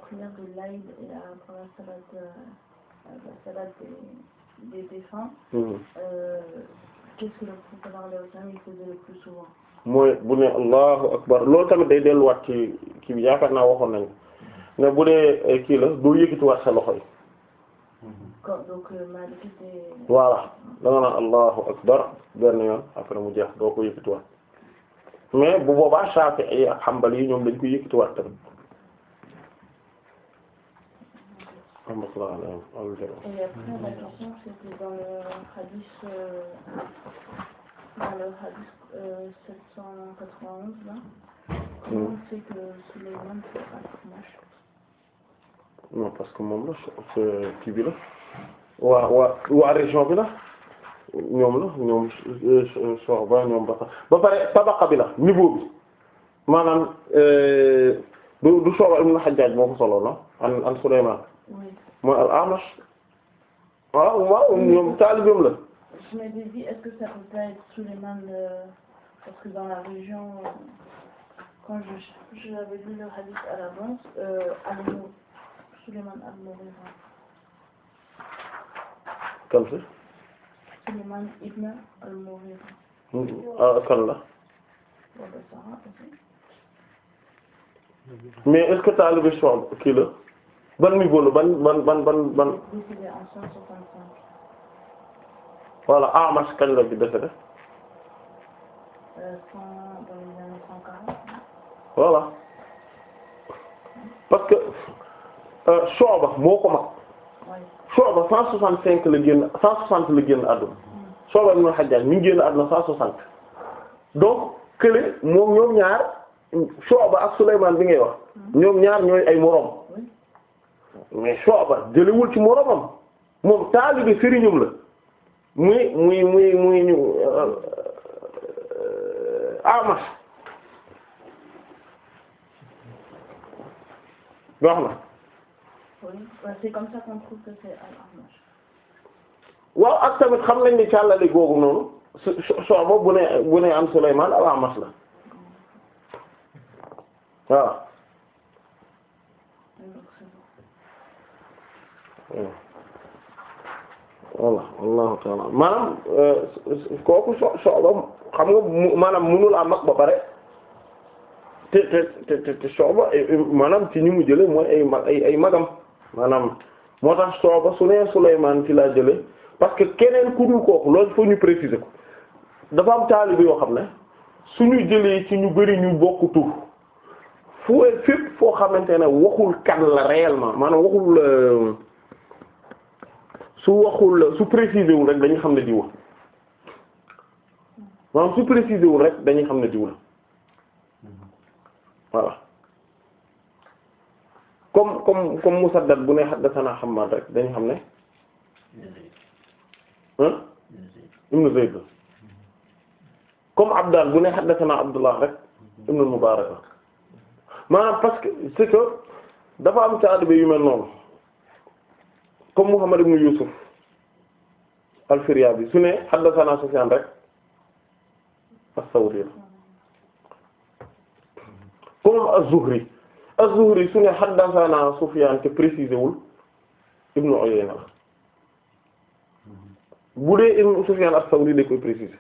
Speaker 3: mhm. euh,
Speaker 2: mooy bu ne allahu akbar loolu tamit day delluwaat ci kii bi yaakaar naa waxoon nañu ne bu dee eh, kii la doo yëkkatiwaat sa loxo yi. voilà da nga naan allahu akbar benn yoon après mu jeex doo ko yëkkatiwaat mais bu boobaa Shafi'i ak Hanbali yi ñoom dañ koy yëkkatiwaat tamit
Speaker 3: dans le hadith euh, 791 euh, là, comment on hmm. sait que Souleymane c'est pas moche?
Speaker 2: Non, parce que moom la kii bi la waa waa région bi la ñoom la euh, ñoom ba ba pare tabaqa bi la niveau bi maanaam euh, du du Shu'ba ibn solo na an an Sulaymaan al-Amash waaw waaw ñoom taalibeem la.
Speaker 3: je me dis est-ce que ça euh, parce que dans la région quand je j'avais lu le hadith à l'avance al-Mughira
Speaker 1: kan si ah, kan la
Speaker 2: mais est-ce que taalibe Shu'ba ban niveau la ban ban ban ban ban voilà Amash la bi décédé euh, voilà parce que euh, moo ko Shu'ba 165 la génn 160 la génn àdduna Shu'ba ibn al-Hajjaj mi ngi génn àdduna 160 donc kële moom ñoom ñaar Shu'ba ak Sulaymaan bi ngay wax ñoom ñaar ñooy ay moroom mais Shu'ba jëlewul ci moroomam moom taalibe sëriñam la muy muy muy muy ñu euh, euh, Amash wax na
Speaker 3: c'est comme ça qu'on trouve que c'est al
Speaker 2: xam nañ ni càllale googu noonu Shu'ba bu ne bu am Sulaymaan al-A'mash la
Speaker 1: waaw. voilà wallahu ta'ala
Speaker 2: maanaam euh, kooku so xam nga maanaam munul am mag ba bare te te te te Shu'ba maanaam ci ñi mu jële mooy ay ay ay magam maanaam moo tax sooba su nee Souleymane ci laa jëlee parce que keneen ku dul kooku loolu foo ñu préciser ko dafa am taalibe yoo xam ne suñu jëlee ci ñu bari ñu bokk tur fu fépp foo xamante ne waxul kan la réellement maanaam waxul euh, su waxul su préciser wul rek dañu xam ne diw la maanaam su préciser wul rek dañu xam ne diw la comme comme comme Musaddad bu ne haddathana Hammad rek dañu xam ne ibn Zayd comme Abdaan bu ne haddathana Abdullah rek ibn Mubarak la maanaam parce que c'est que dafa am taalibe yu mel noonu comme Muhammad ibn Yusuf al-Firyabi su ne haddathana Sufyan rek as-Sawri la comme az-Zuhri az-Zuhri su ne haddathana Sufyan te précisé wul Ibn Uyayna la bu dee Ibn Sufyan as-Sawri da koy préciser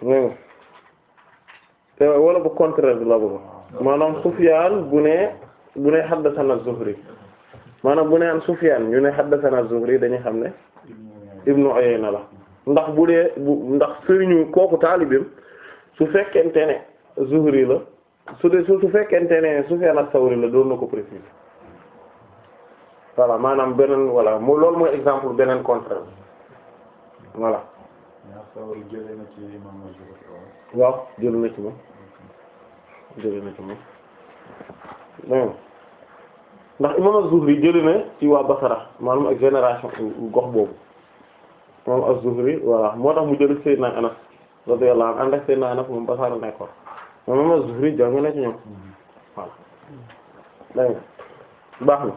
Speaker 2: voilà wala bu contraire bi la bëgg ah, maanaam Sufyan bu ne bu ne haddathana az-Zuhri maanaam bu ne an Sufyan ñu ne haddathana az-Zuhri dañuy xam ne Ibn Uyayna la ndax bu dee ndax sëriñu kooku taalibeem su fekkente ne Zuhri la su dee su fekkente ne Sufyan as-Sawri la doon na ko préciser voilà maanaam beneen voilà mo loolu mooy exemple beneen
Speaker 1: contraire voilà. waaw jël na ci moom
Speaker 2: jël na ci moom ndax imam az-Zuhri na ci waa Basra maanaam ak génération gox boobu. moom az-Zuhri voilà moo tax mu jël Seydina Anas radiyallahu anhu ànd ak Seydina Anas moom Basra nekkoon moom az-Zuhri jàng na ci ñoom voilà dégg baax na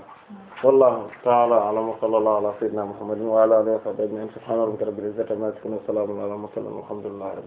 Speaker 2: wallahu ta'ala a'lam wa sallallahu ala sayyidina Muhammadin wa ala alihi wa sahbihi ajma'in subhana rabbika rabbil izzati amma yasifun wa salamun ala al mursalin walhamdulillahi